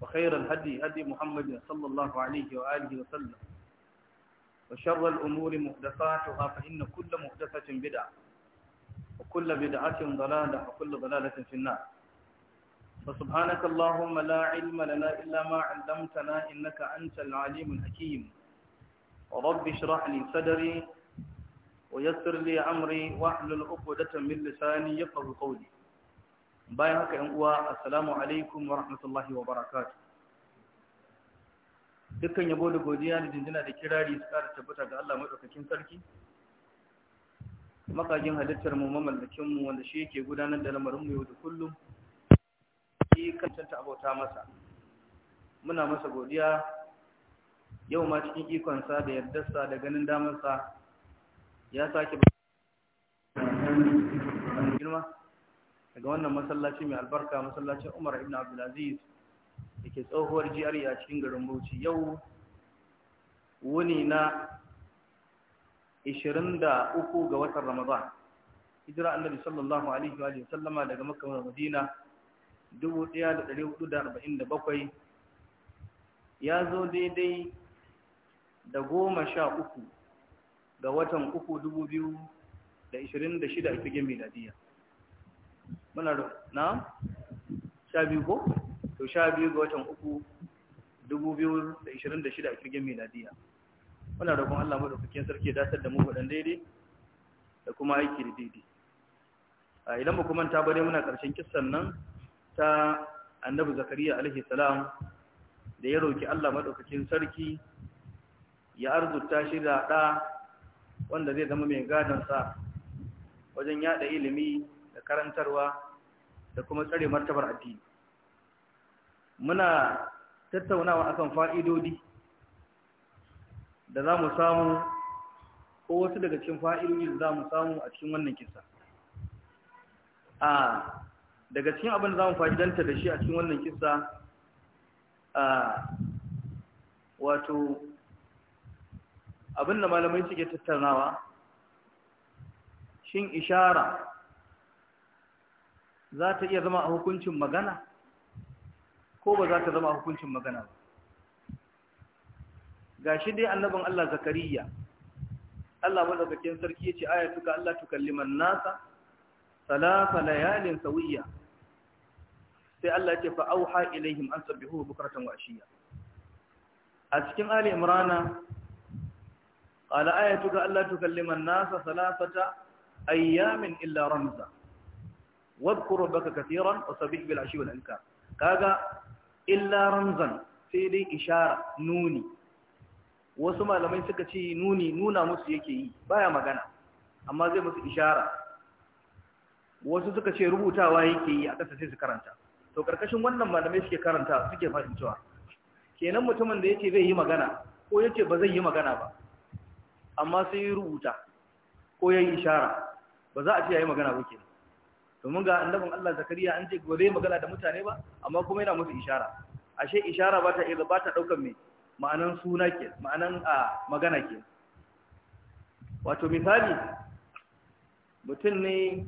وخير الهدي هدي محمد صلى الله عليه وآله وسلم وشر الأمور محدثاتها فإن كل محدثة بدعة وكل بدعة ضلالة وكل ضلالة في النار فسبحانك اللهم لا علم لنا إلا ما علمتنا إنك أنت العليم الحكيم ورب اشرح لي صدري ويسر لي أمري واحلل عقدة من لساني يفقه قولي bayan haka yan uwa assalamu alaikum wa rahmatullahi wa barakatu. dukkan yabo da godiya da jinjina da kirari su kara tabbata ga Allah madaukakin sarki makajin halittar mu mamallakin mu wanda shi yake gudanar da lamarin mu yau da kullum shi a abota masa muna masa godiya yau ma cikin ikon sa da yardarsa da ganin damarsa ya sake girma daga wannan masallaci mai albarka masallacin Umar ibn Abdulaziz da ke tsohuwar jiyar e a cikin garin Bauchi yau wuni na 23 ga watan Ramadan hijira annabi sallallahu alaihi wa sallama daga Makka zuwa Madina 1447 ya zo daidai da goma sha uku ga watan uku dubu biyu da ishirin da shida a fige biyar. muna da na sha biyu ko to sha biyu ga watan uku dubu biyu da ishirin da shida a kirgin miladiya muna roƙon Allah kukin sarki dasar da mu ɗan daidai da kuma aiki da daidai a idan ba kuma ta bari muna ƙarshen kissan nan ta annabi zakariya alaihi salam da ya roƙi Allah maɗaukakin sarki ya arzuta shi da ɗa wanda zai zama mai gadonsa wajen yaɗa ilimi da karantarwa da kuma tsare martabar addini muna tattaunawa akan fa'idodi da za mu samu ko wasu daga cikin fa'idodi da za mu samu a cikin wannan kisa a daga cikin abin da za mu fa'idanta da shi a cikin wannan kisa a wato abin da malamai suke tattaunawa shin ishara za ta iya zama a hukuncin magana ko ba za ta zama a hukuncin magana ba ga shi dai annaban Allah zakariya Allah madaukakin sarki ya ce yace ayatuka Allah tukalliman nasa salafa layalin sawiya sai Allah ce fa auha ilaihim an sabbihu bukratan wa ashiya a cikin ali imrana qala ayatuka Allah tukalliman nasa salasata ayyamin illa ramza wadkur rabbaka kaseeran wa sabbih bil ashi wal inkar kaga illa ramzan sai dai ishara nuni wasu malamai suka ce nuni nuna musu yake yi baya magana amma zai musu ishara wasu suka ce rubutawa yake yi a ƙasa sai su karanta to ƙarƙashin wannan malamai suke karanta suke fahimcewa kenan mutumin da yace zai yi magana ko yace ba zai yi magana ba amma sai ya rubuta ko ya yi ishara ba za a ce yi magana ba kenan domin ga annabin Allah Zakariya an ce ba magana da mutane ba amma kuma yana musu ishara ashe ishara ba ta iya ba ta daukar me ma'anan suna ke ma'anan a magana ke wato misali mutum ne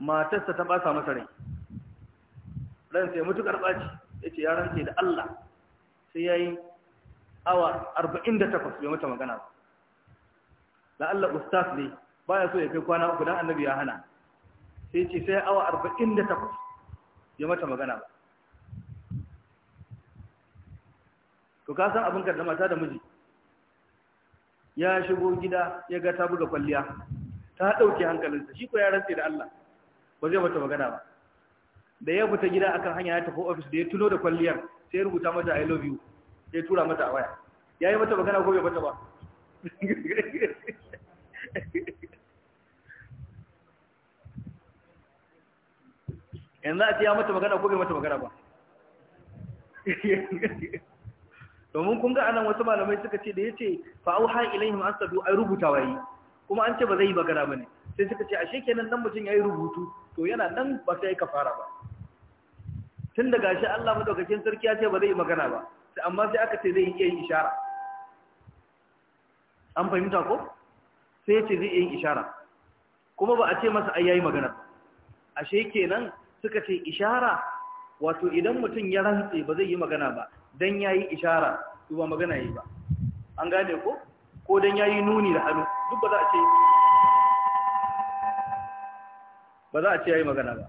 matarsa ta ba sa masa rai ran sai mutukar baci yace ya rance da Allah sai yayi awa 48 bai mata magana ba la Allah ustaz ne baya so ya kai kwana uku dan annabi ya hana sai ce sai awa arba'in da takwas ya mata magana ba to ka san abin karɗa mata da miji ya shigo gida ya ga ta buga kwalliya ta ɗauke hankalinsa shi ko ya rantse da Allah ba zai mata magana ba da ya fita gida akan hanya ya tafi ofis da ya tuno da kwalliyar sai rubuta mata i love you sai tura mata a waya ya yi mata magana ko bai mata ba yanzu a ce ya mata magana ko bai mata magana ba domin kun ga anan wasu malamai suka ce da ya ce fa'auha ilayhim an sadu a rubuta wayi kuma an ce ba zai yi magana ba ne sai suka ce a shekenan nan mutum ya yi rubutu to yana nan ba sai ka fara ba tun daga gashi Allah madaukakin sarki ya ce ba zai yi magana ba sai amma sai aka ce zai iya yin ishara an fahimta ko sai ya ce zai iya yin ishara kuma ba a ce masa ai yayi magana ashe kenan suka ce ishara wato idan mutum ya rantse ba zai yi magana ba dan yayi ishara to ba magana yi ba an gane ko ko dan yayi nuni da hannu duk ba za a ce ba za a ce yayi magana ba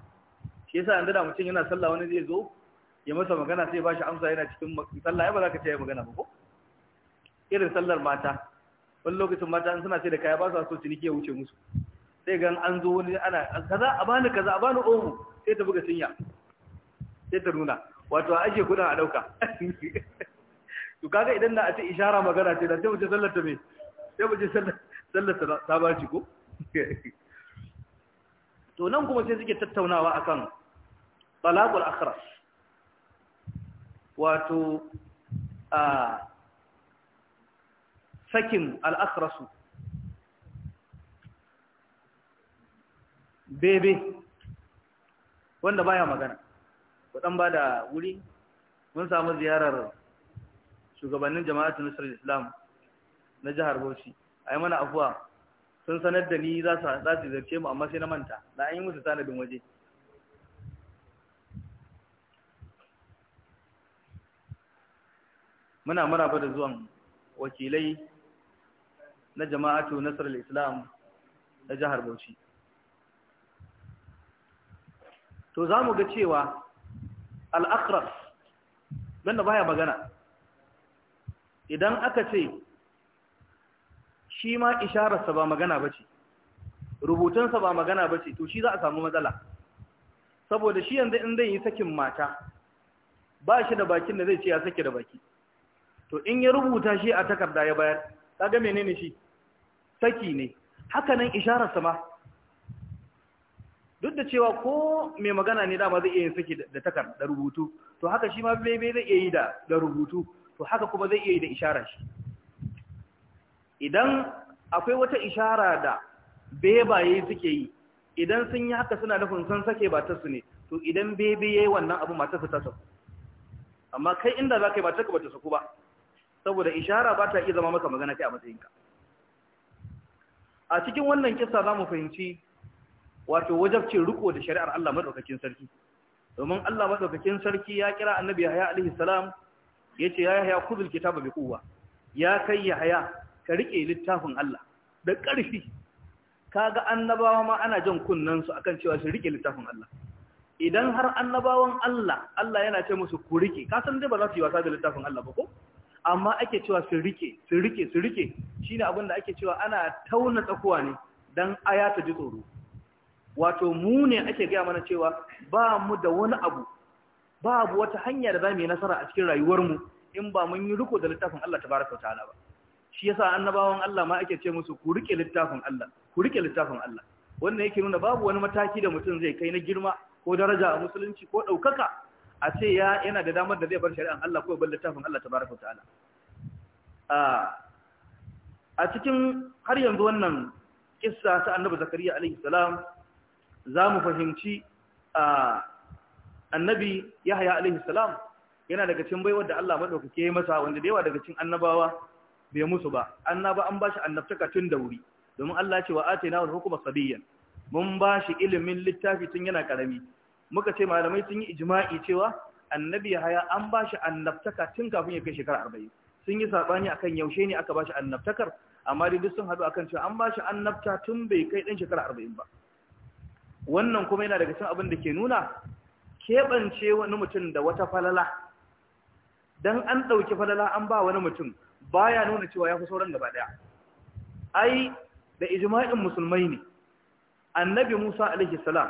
shi yasa an da mutum yana sallah wani zai zo ya masa magana sai ba shi amsa yana cikin sallah ya ba za ka ce yayi magana ba ko irin sallar mata wani lokacin mata suna sai da kaya ba su so ciniki ya wuce musu sai gan an zo wani ana kaza a bani kaza a bani omo sai ta buga cinya sai ta nuna wato a ajiye kudin a dauka to kaga idan na a ce ishara magana ce da sai mu ce sallar ta me sai mu ce sallar ta ba ci ko to nan kuma sai suke tattaunawa akan talaqul akhras wato a sakin al-akhrasu bebe wanda baya magana ku dan bada wuri mun samu ziyarar shugabannin jama'atu nusrar islam na jihar Bauchi ai mana afuwa sun sanar da ni za su za zarce mu amma sai na manta da an yi musu tanadin waje muna ba da zuwan wakilai na jama'atu nusrar islam na jihar Bauchi to za mu ga cewa al'akras wanda baya magana idan aka ce shi ma ishararsa ba magana ba ce rubutunsa ba magana ba ce to shi za a samu matsala saboda shi yanzu in zan yi sakin mata ba shi da bakin da zai ce ya sake da baki to in ya rubuta shi a takarda ya bayar ta ga menene shi saki ne haka nan ma duk da cewa ko mai magana ne dama zai iya yin saki da takar da rubutu to haka shi ma bebe zai iya yi da rubutu to haka kuma zai iya yi da ishara shi idan akwai wata ishara da bebaye suke yi idan sun yi haka suna nufin san sake ba ta su ne to idan bebe yayi wannan abu matar ta saku amma kai inda za ka yi matar ka ba ta saku ba saboda ishara ba ta iya zama maka magana kai a matsayinka a cikin wannan kisa za mu fahimci wato wajabcin riko da shari'ar Allah madaukakin sarki domin Allah madaukakin sarki ya kira annabi Yahya alaihi salam yace ya Yahya kuzul kitaba bi quwwa ya kai Yahya ka rike littafin Allah da ƙarfi kaga annabawa ma ana jan kunnan su akan cewa su rike littafin Allah idan har annabawan Allah Allah yana ce musu ku rike ka san dai ba za su yi wasa da littafin Allah ba ko amma ake cewa su rike su rike su rike shine abin da ake cewa ana tauna tsakuwa ne dan aya ta ji tsoro wato mu ne ake gaya mana cewa ba mu da wani abu babu wata hanya da za mu yi nasara a cikin rayuwarmu in ba mun yi riko da littafin Allah tabaraka wa ta'ala ba shi yasa annabawan Allah ma ake ce musu ku rike littafin Allah ku rike littafin Allah wannan yake nuna babu wani mataki da mutum zai kai na girma ko daraja a musulunci ko daukaka a ce ya yana da damar da zai bar shari'an Allah ko bar littafin Allah tabaraka wa ta'ala a cikin har yanzu wannan kissa ta annabi zakariya alaihi salam za mu fahimci annabi yahaya alaihi salam yana daga cin baiwar da Allah madaukake ya masa wanda da yawa daga cin annabawa bai musu ba annaba an ba bashi annabtaka tun da wuri domin Allah ce wa atina wal hukma sabiyan mun ba shi ilimin littafi tun yana karami muka ce malamai sun yi ijma'i cewa annabi yahaya an ba bashi annabtaka tun kafin ya kai shekara 40 sun yi saɓani akan yaushe ne aka ba bashi annabtakar amma dai duk sun hadu akan cewa an ba shi annabta tun bai kai ɗan shekara arba'in ba wannan kuma yana daga cikin abin da ke nuna keɓance wani mutum da wata falala don an ɗauki falala an ba wani mutum baya nuna cewa ya fi sauran gaba ɗaya ai da ijma'in musulmai ne annabi musa alaihi salam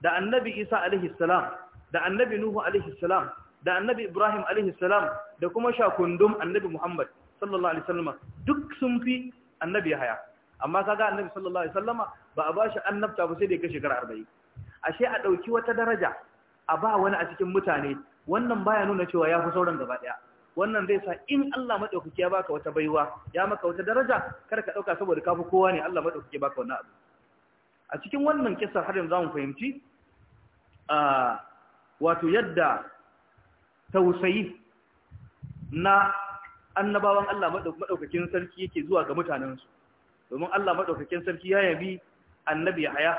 da annabi isa alaihi salam da annabi nuhu alaihi salam da annabi ibrahim alaihi salam da kuma shakundum annabi muhammad sallallahu alaihi wasallam duk sun fi annabi haya amma kaga annabi sallallahu alaihi wasallama ba a bashi annabta ba sai da ya kai shekara 40 ashe a dauki wata daraja a ba wani a cikin mutane wannan baya nuna cewa ya fi sauran gaba daya wannan zai sa in Allah madaukaki ya baka wata baiwa ya maka wata daraja kar ka dauka saboda ka fi kowa ne Allah madaukaki baka wannan abu a cikin wannan kissa har yanzu zamu fahimci a wato yadda tausayi na annabawan Allah madaukakin sarki yake zuwa ga mutanensu domin Allah madaukakin sarki ya yabi annabi Yahaya,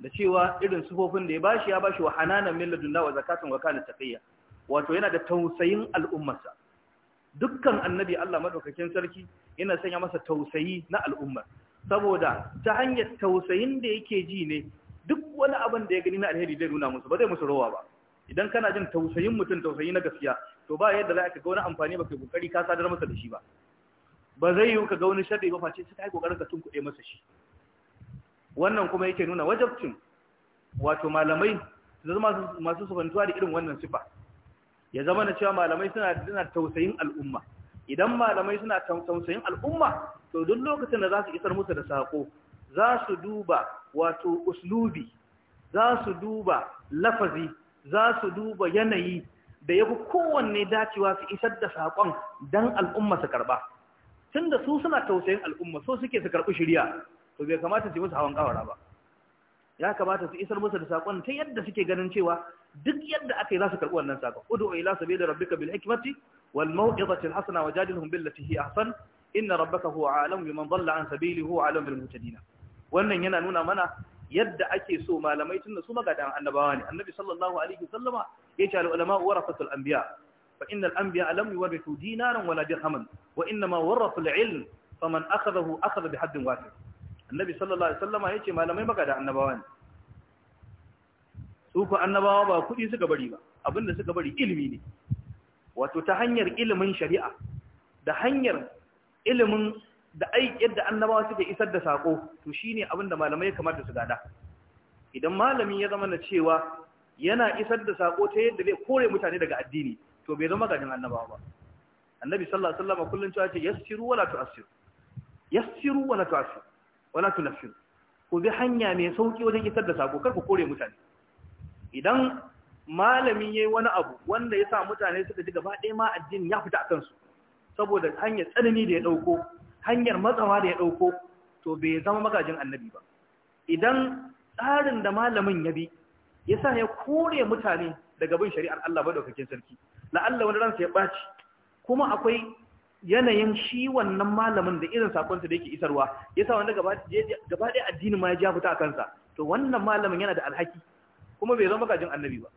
da cewa irin sufofin da ya bashi ya bashi wa hananan min ladunna wa zakatun wa kana taqiyya wato yana da tausayin al'ummarsa dukkan annabi Allah madaukakin sarki yana sanya masa tausayi na al'ummar. saboda ta hanyar tausayin da yake ji ne duk wani abin da ya gani na alheri zai nuna musu ba zai musu rowa ba idan kana jin tausayin mutum tausayi na gaskiya to ba yadda za ka ga wani amfani ba kai kokari ka sadar masa da shi ba ba zai yi ka ga wani sharri ba face sai kai kokarin ka tunkuɗe masa shi wannan kuma yake nuna wajabcin wato malamai su zama masu sufantuwa da irin wannan sifa ya zama na cewa malamai suna suna tausayin al'umma idan malamai suna tausayin al'umma to duk lokacin da za su isar musu da sako za su duba wato uslubi za su duba lafazi za su duba yanayi da ya kowanne dacewa su isar da sakon dan al'umma su karba tun da su suna tausayin al'umma so suke su karɓi shirya to bai kamata su yi musu hawan kawara ba ya kamata su isar musu da sakon ta yadda suke ganin cewa duk yadda aka yi za su karɓi wannan sakon udu ila sabila rabbika bil hikmati wal maw'izati al hasana wajadilhum billati hi ahsan inna rabbaka huwa alam biman dhalla an sabili huwa alam bil muhtadin wannan yana nuna mana yadda ake so malamai tunda su magadan annabawa ne annabi sallallahu alaihi wasallama ya ce al ulama warasatul anbiya فإن الأنبياء لم يورثوا دينارا ولا درهما وإنما ورثوا العلم فمن أخذه أخذ بحد واحد النبي صلى الله عليه وسلم يجي malamai لم da دع النبوان سوف annabawa ba كدي suka bari ba abinda suka bari ilimi ne wato ta hanyar ilimin shari'a da hanyar ilimin da ai yadda annabawa suka isar da sako to shine abinda malamai kamar da su gada idan malami ya zama na cewa yana isar da sako ta yadda zai kore mutane daga addini to bai zama gajin annabawa ba annabi sallallahu alaihi wasallam kullun cewa ce yassiru wala tu'assiru yassiru wala tu'assiru wala ku bi hanya mai sauki wajen isar da sako kar kore mutane idan malami yayi wani abu wanda ya sa mutane suka ji gaba ɗaya ma addini ya fita akan su saboda hanyar tsanani da ya dauko hanyar matsawa da ya dauko to bai zama magajin annabi ba idan tsarin da malamin ya bi ya sa ya kore mutane daga bin shari'ar Allah madaukakin sarki la'alla wani ransa ya ɓaci kuma akwai yanayin shi wannan malamin da irin sakonsa da yake isarwa ya sa wanda gaba ɗaya addini ma ya ja fita a kansa to wannan malamin yana da alhaki kuma bai zama gajin annabi ba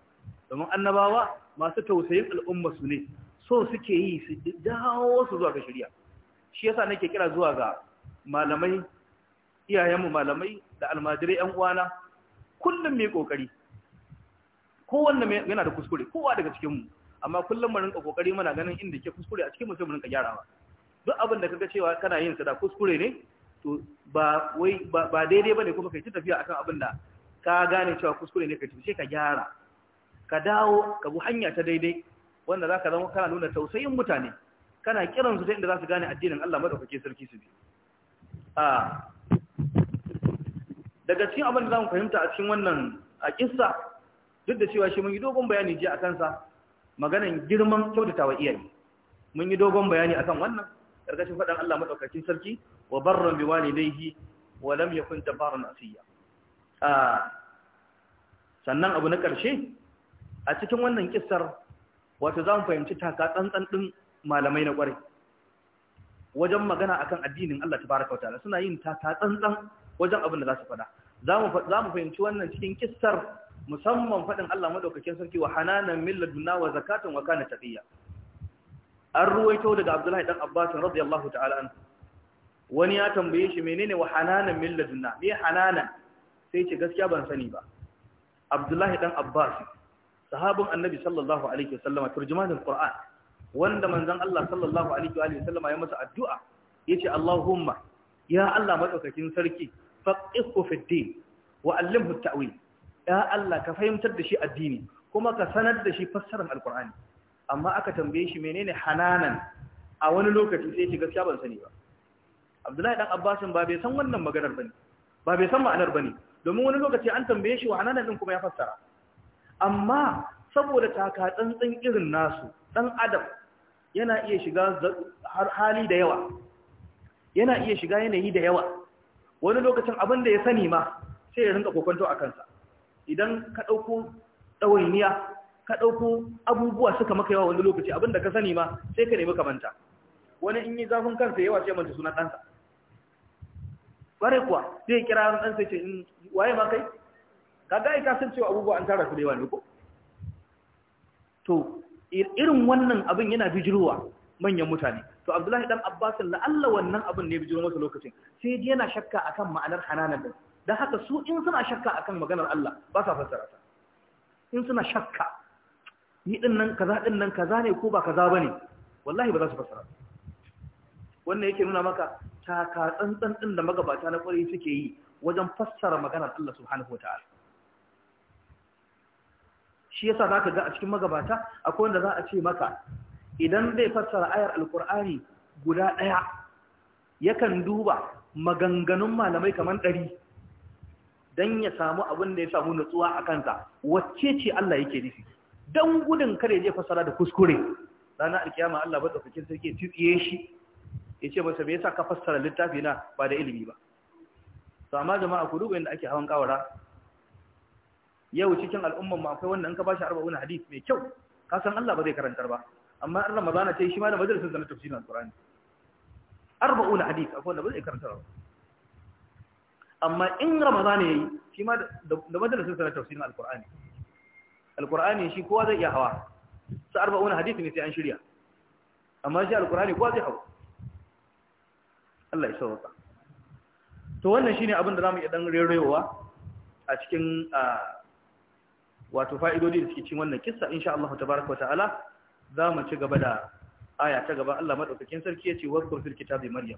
domin annabawa masu tausayin al'umma su ne so suke yi su dawo su zuwa ga shirya shi yasa nake kira zuwa ga malamai iyayenmu malamai da almajirai yan uwana kullum mai kokari kowanne yana da kuskure kowa daga cikinmu amma kullum mu rinka kokari muna ganin inda ke kuskure a cikin mutum mu rinka gyarawa duk abin da kaga cewa kana yin sa da kuskure ne to ba wai ba daidai bane kuma kai ta tafiya akan abin da ka gane cewa kuskure ne kai sai ka gyara ka dawo ka bu hanya ta daidai wanda zaka zama kana nuna tausayin mutane kana kiran su ta inda za su gane addinin Allah madaukake sarki su bi a daga cikin abin da zamu fahimta a cikin wannan a kissa duk da cewa shi mun yi dogon bayani ji akan sa maganan girman kyautatawa iyaye mun yi dogon bayani akan wannan karkashin faɗan Allah madaukakin sarki wa barran bi walidayhi wa lam yakun jabbaran asiya ah sannan abu na ƙarshe a cikin wannan kissar wato za mu fahimci taka tsantsan din malamai na ƙwarai wajen magana akan addinin Allah tabaraka wa ta'ala suna yin taka tsantsan wajen abin da za su faɗa za mu fahimci wannan cikin kissar musamman faɗin Allah madaukakin sarki wa hananan min ladunna wa zakatan wa kana tafiya. an ruwaito daga Abdullahi ɗan Abbas radiyallahu ta'ala anhu wani ya tambaye shi menene wa hananan min ladunna me hananan sai ce gaskiya ban sani ba Abdullahi ɗan Abbas sahabin Annabi sallallahu alaihi wasallam turjumanin Qur'an wanda manzon Allah sallallahu alaihi wa sallam ya masa addu'a yace Allahumma ya Allah madaukakin sarki faqihu fid din wa allimhu at-ta'wil ya Allah ka fahimtar da shi addini kuma ka sanar da shi fassarar alkur'ani amma aka tambaye shi menene hananan a wani lokaci sai shi gaskiya ban sani ba Abdullahi dan Abbasin ba bai san wannan maganar bane ba bai san ma'anar bane domin wani lokaci an tambaye shi wa hananan din kuma ya fassara amma saboda taka tsantsan irin nasu dan adam yana iya shiga har hali da yawa yana iya shiga yanayi da yawa wani lokacin abin da ya sani ma sai ya rinka kokonto a kansa idan ka ɗauko ɗawainiya ka ɗauko abubuwa suka maka yawa wani lokaci abinda ka sani ma sai ka nemi kamanta wani in yi zafin kansa yawa sai manta sunan ɗansa ƙware kuwa zai kira yaron ɗansa ce in waye ma kai ka ga ka san cewa abubuwa an tara su da yawa ne ko to irin wannan abin yana bijirowa manyan mutane to abdullahi dan abbas la'alla wannan abin ne bijiro masa lokacin sai yana shakka akan ma'anar hananan su Da haka su in suna shakka akan maganar Allah ba sa fassara ta in suna shakka ni din nan kaza din nan kaza ne ko ba kaza bane wallahi ba za su fassara wannan yake nuna maka taka tsantsan din da magabata na kwarai suke yi wajen fassara maganar Allah subhanahu wataala shi yasa zaka ga a cikin magabata akwai wanda za a ce maka idan zai fassara ayar alkur'ani guda ɗaya yakan duba maganganun malamai kamar ɗari don ya samu abin da ya samu nutsuwa a kansa wacce ce Allah yake nufi don gudun kare je fasara da kuskure ranar alkiyama Allah ba tsakin sarki tsiye shi ya ce masa bai yasa ka fassara littafi na ba da ilimi ba to amma jama'a ku duba inda ake hawan kawara yau cikin al'umman mu akwai wanda in ka bashi arba'un hadith mai kyau ka san Allah ba zai karantar ba amma in Ramadana ce shi ma da majalisar da tafsirin Al-Qur'ani arba'un hadith akwai wanda ba zai karantar ba amma in ramadana yayi shi ma da madrasar sa tafsirin alqur'ani alqur'ani shi kowa zai iya hawa sa 40 hadisi ne sai an shirya amma shi alqur'ani kowa zai hawa Allah ya sauka to wannan shine abin da zamu iya dan rerewa a cikin wato fa'idodi da suke cikin wannan kissa insha Allah tabaaraka wa ta'ala zamu ci gaba da aya ta gaba Allah madaukakin sarki yace wa kursul kitabi maryam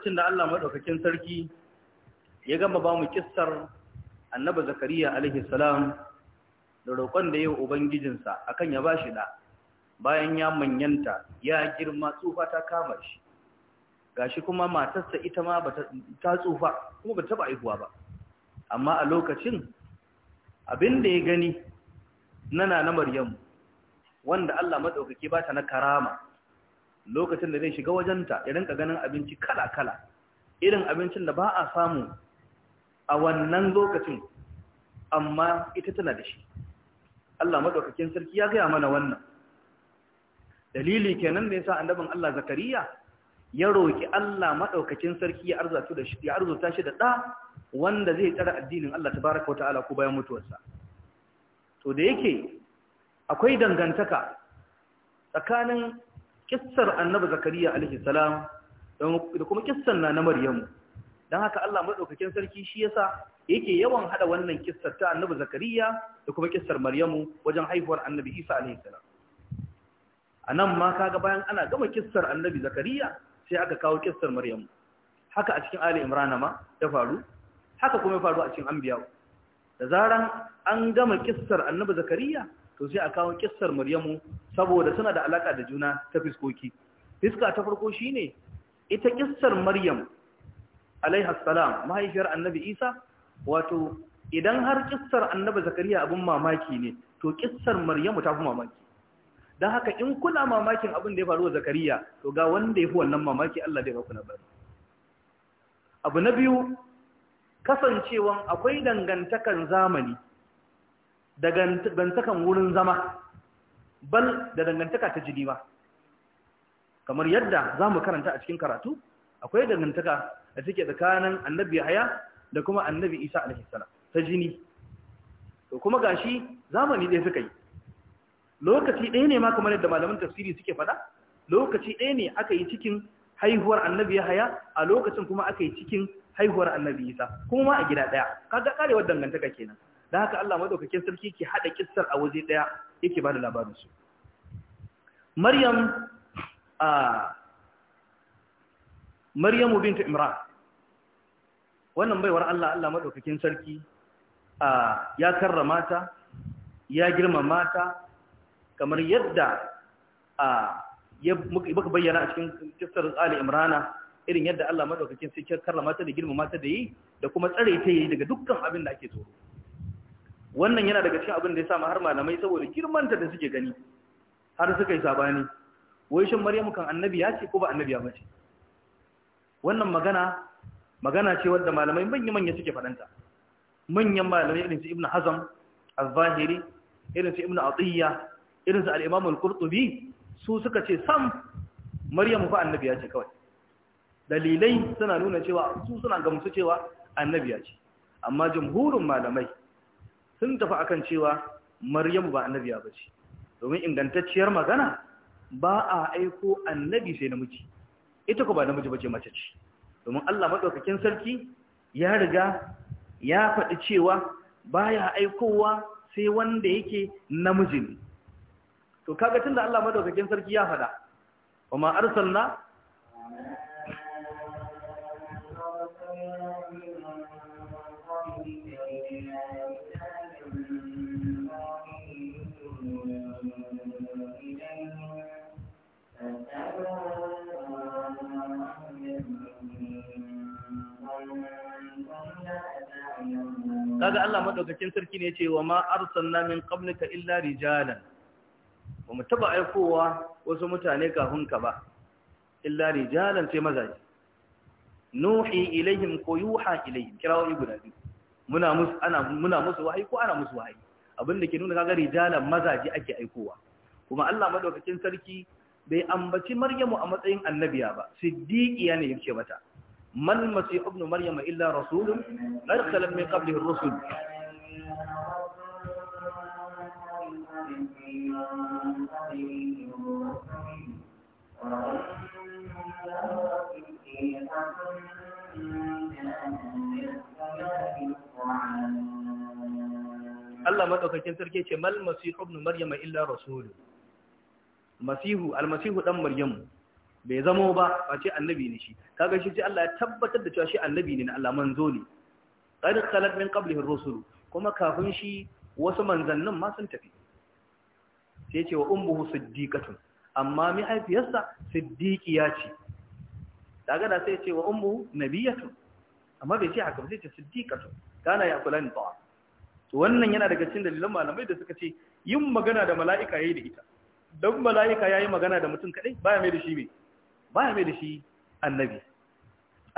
lokacin da Allah maɗaukakin sarki ya gama ba mu kissar annaba zakariya alaihi salam da roƙon da yau ubangijinsa akan ya ba shi da bayan ya manyanta ya girma tsufa ta kama shi gashi kuma matarsa ita ma ta tsufa kuma ba taɓa aihuwa ba amma a lokacin abin da ya gani nana na Maryam, wanda Allah maɗaukaki ba ta na karama lokacin da zai shiga wajenta ya rinka ganin abinci kala-kala irin abincin da ba a samu a wannan lokacin amma ita tana da shi Allah maɗaukakin sarki ya gaya mana wannan dalili kenan da yasa annabin Allah Zakariya ya roki Allah maɗaukakin sarki ya arzuta da shi da ɗa wanda zai tsara addinin Allah tabaraka ta'ala ko bayan mutuwarsa to da yake akwai dangantaka tsakanin kissar annabi zakariya alaihi salam da kuma kissar na na maryamu don haka Allah maɗaukakin sarki shi yasa yake yawan haɗa wannan kissar ta annabi zakariya da kuma kissar maryamu wajen haihuwar annabi isa alaihi salam a nan ma kaga bayan ana gama kissar annabi zakariya sai aka kawo kissar maryamu haka a cikin ali imrana ma ya faru haka kuma ya faru a cikin anbiya da zaran an gama kissar annabi zakariya to sai a kawo kissar Maryamu saboda suna da alaka da juna ta fiskoki fiska ta farko shine ita kissar Maryam alaiha salam mahaifiyar Annabi Isa wato idan har kissar Annabi Zakariya abin mamaki ne to kissar Maryamu ta fi mamaki don haka in kula mamakin abin da ya faru wa Zakariya to ga wanda ya fi wannan mamaki Allah zai baku bari. abu na biyu kasancewan akwai dangantakan zamani Daga dantakan wurin zama bal da dangantaka ta jini ba kamar yadda za mu karanta a cikin karatu akwai dangantaka da take tsakanin annabi haya da kuma annabi isa alaihissalam ta jini to kuma gashi zamani ɗaya suka yi lokaci ɗaya ne ma kamar yadda malaman tafsiri suke faɗa lokaci ɗaya ne aka yi cikin haihuwar annabi haya a lokacin kuma aka yi cikin haihuwar annabi isa kuma a gida ɗaya kaga karewar dangantaka kenan da haka Allah madaukakin sarki ke hada kissar a waje daya yake bada labarin su Maryam a Maryamu bint Imran wannan baiwar Allah Allah madaukakin sarki a ya karrama ta ya girmama ta kamar yadda a muka bayyana a cikin kissar Ali Imran irin yadda Allah madaukakin sarki karrama ta da girmama ta da yi da kuma tsare ta yi daga dukkan abin da ake tsoro wannan yana daga cikin abin da ya sa har malamai saboda girmanta da suke gani har suka yi sabani wai shin maryamu kan annabi ya ce ko ba annabi ya ce wannan magana magana ce wadda malamai manya manya suke fadanta manyan malamai irin su ibnu hazm al-zahiri irin su ibnu atiyya irin su al-imam al-qurtubi su suka ce sam maryamu fa annabi ya ce kawai dalilai suna nuna cewa su suna gamsu cewa annabi ya ce amma jumhurun malamai sun tafi akan cewa maryamu ba annabiya ba ce domin ingantacciyar magana ba a aiko annabi sai namiji ita ko ba namiji ba ce mace ce domin Allah maɗaukakin sarki ya riga ya faɗi cewa baya aikowa sai wanda yake namiji ne to kaga tunda Allah madaukakin sarki ya faɗa wama arsalna kaga Allah madaukakin sarki ne yace wa ma arsalna min qablika illa rijalan ba mu taba aikowa wasu mutane kafin ka ba illa rijalan sai mazaji nuhi ilaihim ko yuha ilaihim kirawo guda biyu muna musu ana muna musu wahayi ko ana musu wahayi abinda ke nuna kaga rijalan mazaji ake aikowa kuma Allah madaukakin sarki bai ambaci Maryamu a matsayin annabiya ba siddiqiya ne yake mata ما المسيح ابن مريم إلا رسول أرسل من قبله الرسل Allah madaukakin sarki ce mal masihu ibn maryama illa rasul masihu almasihu dan maryamu bai zamo ba a ce annabi ne shi kaga shi ce Allah ya tabbatar da cewa shi annabi ne na Allah manzo ne qad khalat min qablihi ar-rusul kuma kafin shi wasu manzannin ma sun tafi sai ce wa ummuhu siddiqatun amma mi haifiyarsa siddiqiya ce kaga da sai ce wa ummuhu nabiyatun amma bai ce haka ba sai ce siddiqatun kana ya kula ni ba to wannan yana daga cikin dalilan malamai da suka ce yin magana da mala'ika yayi da ita dan mala'ika yayi magana da mutum kadai baya mai da shi mai Ba ya mai da shi annabi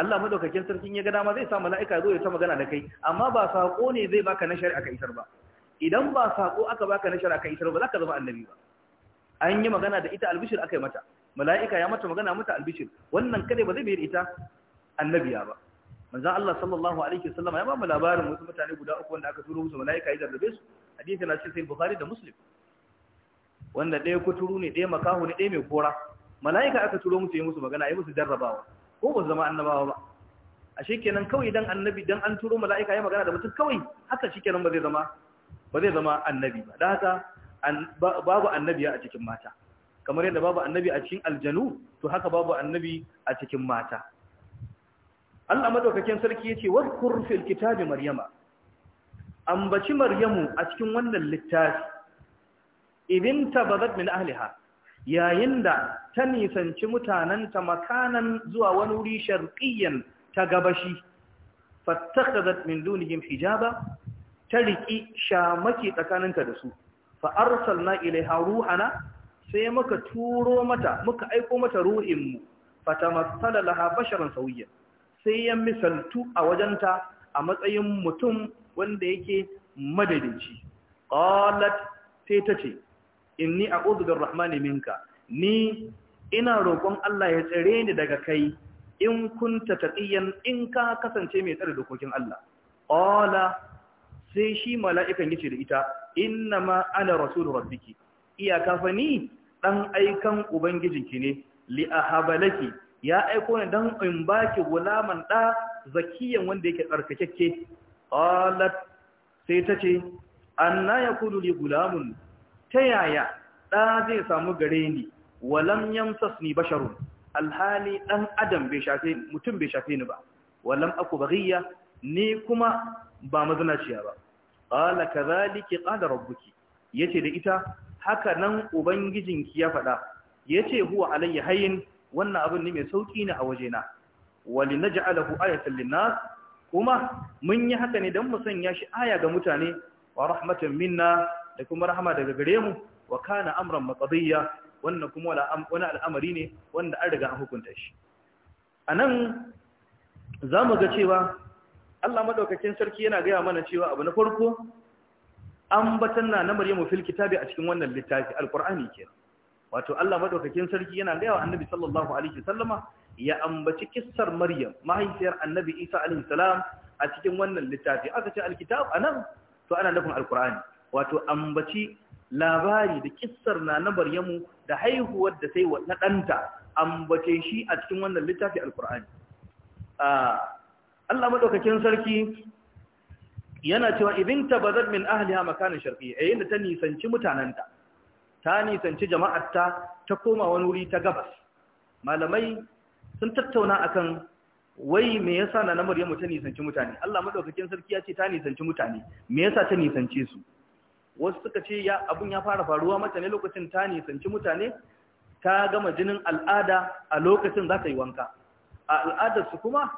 Allah madaukakin sarkin ya ga dama zai sa mala'ika zo ya ta magana da kai amma ba sako ne zai baka na shari'a ka isar ba idan ba sako aka baka na shari'a ka isar ba zaka zama annabi ba an yi magana da ita albishir akai mata mala'ika ya mata magana mata albishir wannan kade ba zai bayar ita annabiya ba manzon Allah sallallahu alaihi wasallam ya ba mu labarin wasu mutane guda uku wanda aka turo musu mala'ika ya zarrabe su hadisi na cikin Bukhari da Muslim wanda ɗaya kuturu ne ɗaya makaho ne ɗaya mai kora mala'ika aka turo musu yi musu magana yi musu jarrabawa ko ba su zama annabawa ba ashe kenan kawai dan annabi dan an turo mala'ika ya magana da mutum kawai haka shikenan ba zai zama ba zai zama annabi ba dan haka babu annabiya a cikin mata kamar yadda babu annabi a cikin aljanu to haka babu annabi a cikin mata Allah madaukakin sarki yace wadkur fil kitabi maryama ambaci maryamu a cikin wannan littafi idin tabadat min ahliha yayin da ta nisanci mutanen ta makanan zuwa wani wuri sharqiyyan ta gabashi fattakhadhat min dunihim hijaba ta riki shamaki tsakaninka da su fa arsalna ilaiha ruhana sai muka turo mata muka aiko mata ruhinmu fatamassala laha basharan sawiyya sai ya misaltu a wajenta a matsayin mutum wanda yake madadinci qalat sai ta ce inni ƙudurin rahmani minka ni ina roƙon Allah ya tsire ni daga kai in kunta taqiyan in ka kasance mai tsare dokokin Allah Ola, sai shi mala'ikan yace da ita ma ana rasul rabbiki iyaka fa ni dan aikan ubangijinki ne li Habalaki ya aiko ni don in baki gulaman ɗa zakiyan wanda yake tsarkakekke Olat sai ta tace anna kudu li gulamun ta yaya ɗa zai samu gare ni walam yamsas ni basharun alhali ɗan adam mutum bai shafe ni ba walam aku baghiya ni kuma ba mazinaciya ba qala kadhalika qala rabbuki yace da ita haka nan ubangijinki ya faɗa yace huwa alayya hayyin wannan abin ne mai sauƙi ne a wajena walinaj'alahu ayatan linnas kuma mun yi haka ne dan mu sanya shi aya ga mutane wa rahmatan minna da kuma rahama daga gare mu wa kana amran maqdiyya wannan kuma wani al'amari ne wanda an riga an hukunta shi anan zamu ga cewa Allah madaukakin sarki yana gaya mana cewa abu na farko an batanna na Maryamu fil kitabi a cikin wannan littafi alqur'ani kenan wato Allah madaukakin sarki yana gaya wa annabi sallallahu alaihi wasallama ya ambaci kissar Maryam mahaifiyar annabi Isa alaihi salam a cikin wannan littafi aka ce alkitab anan to ana nufin alqur'ani wato ambaci labari da kissar na na da haihuwar da sai na ɗanta ambace shi a cikin wannan littafi alkur'ani Allah madaukakin sarki yana cewa ibin tabazat min ahliha makanin sharqiyya yayin da ta nisanci mutananta ta nisanci jama'arta ta koma wani wuri ta gabas malamai sun tattauna akan wai me yasa na na Maryamu ta nisanci mutane Allah madaukakin sarki ya ce ta nisanci mutane me yasa ta nisance su wasu suka ce ya abun ya fara faruwa mata ne lokacin ta nisanci mutane ta gama jinin al'ada a lokacin za ta yi wanka a al'adarsu kuma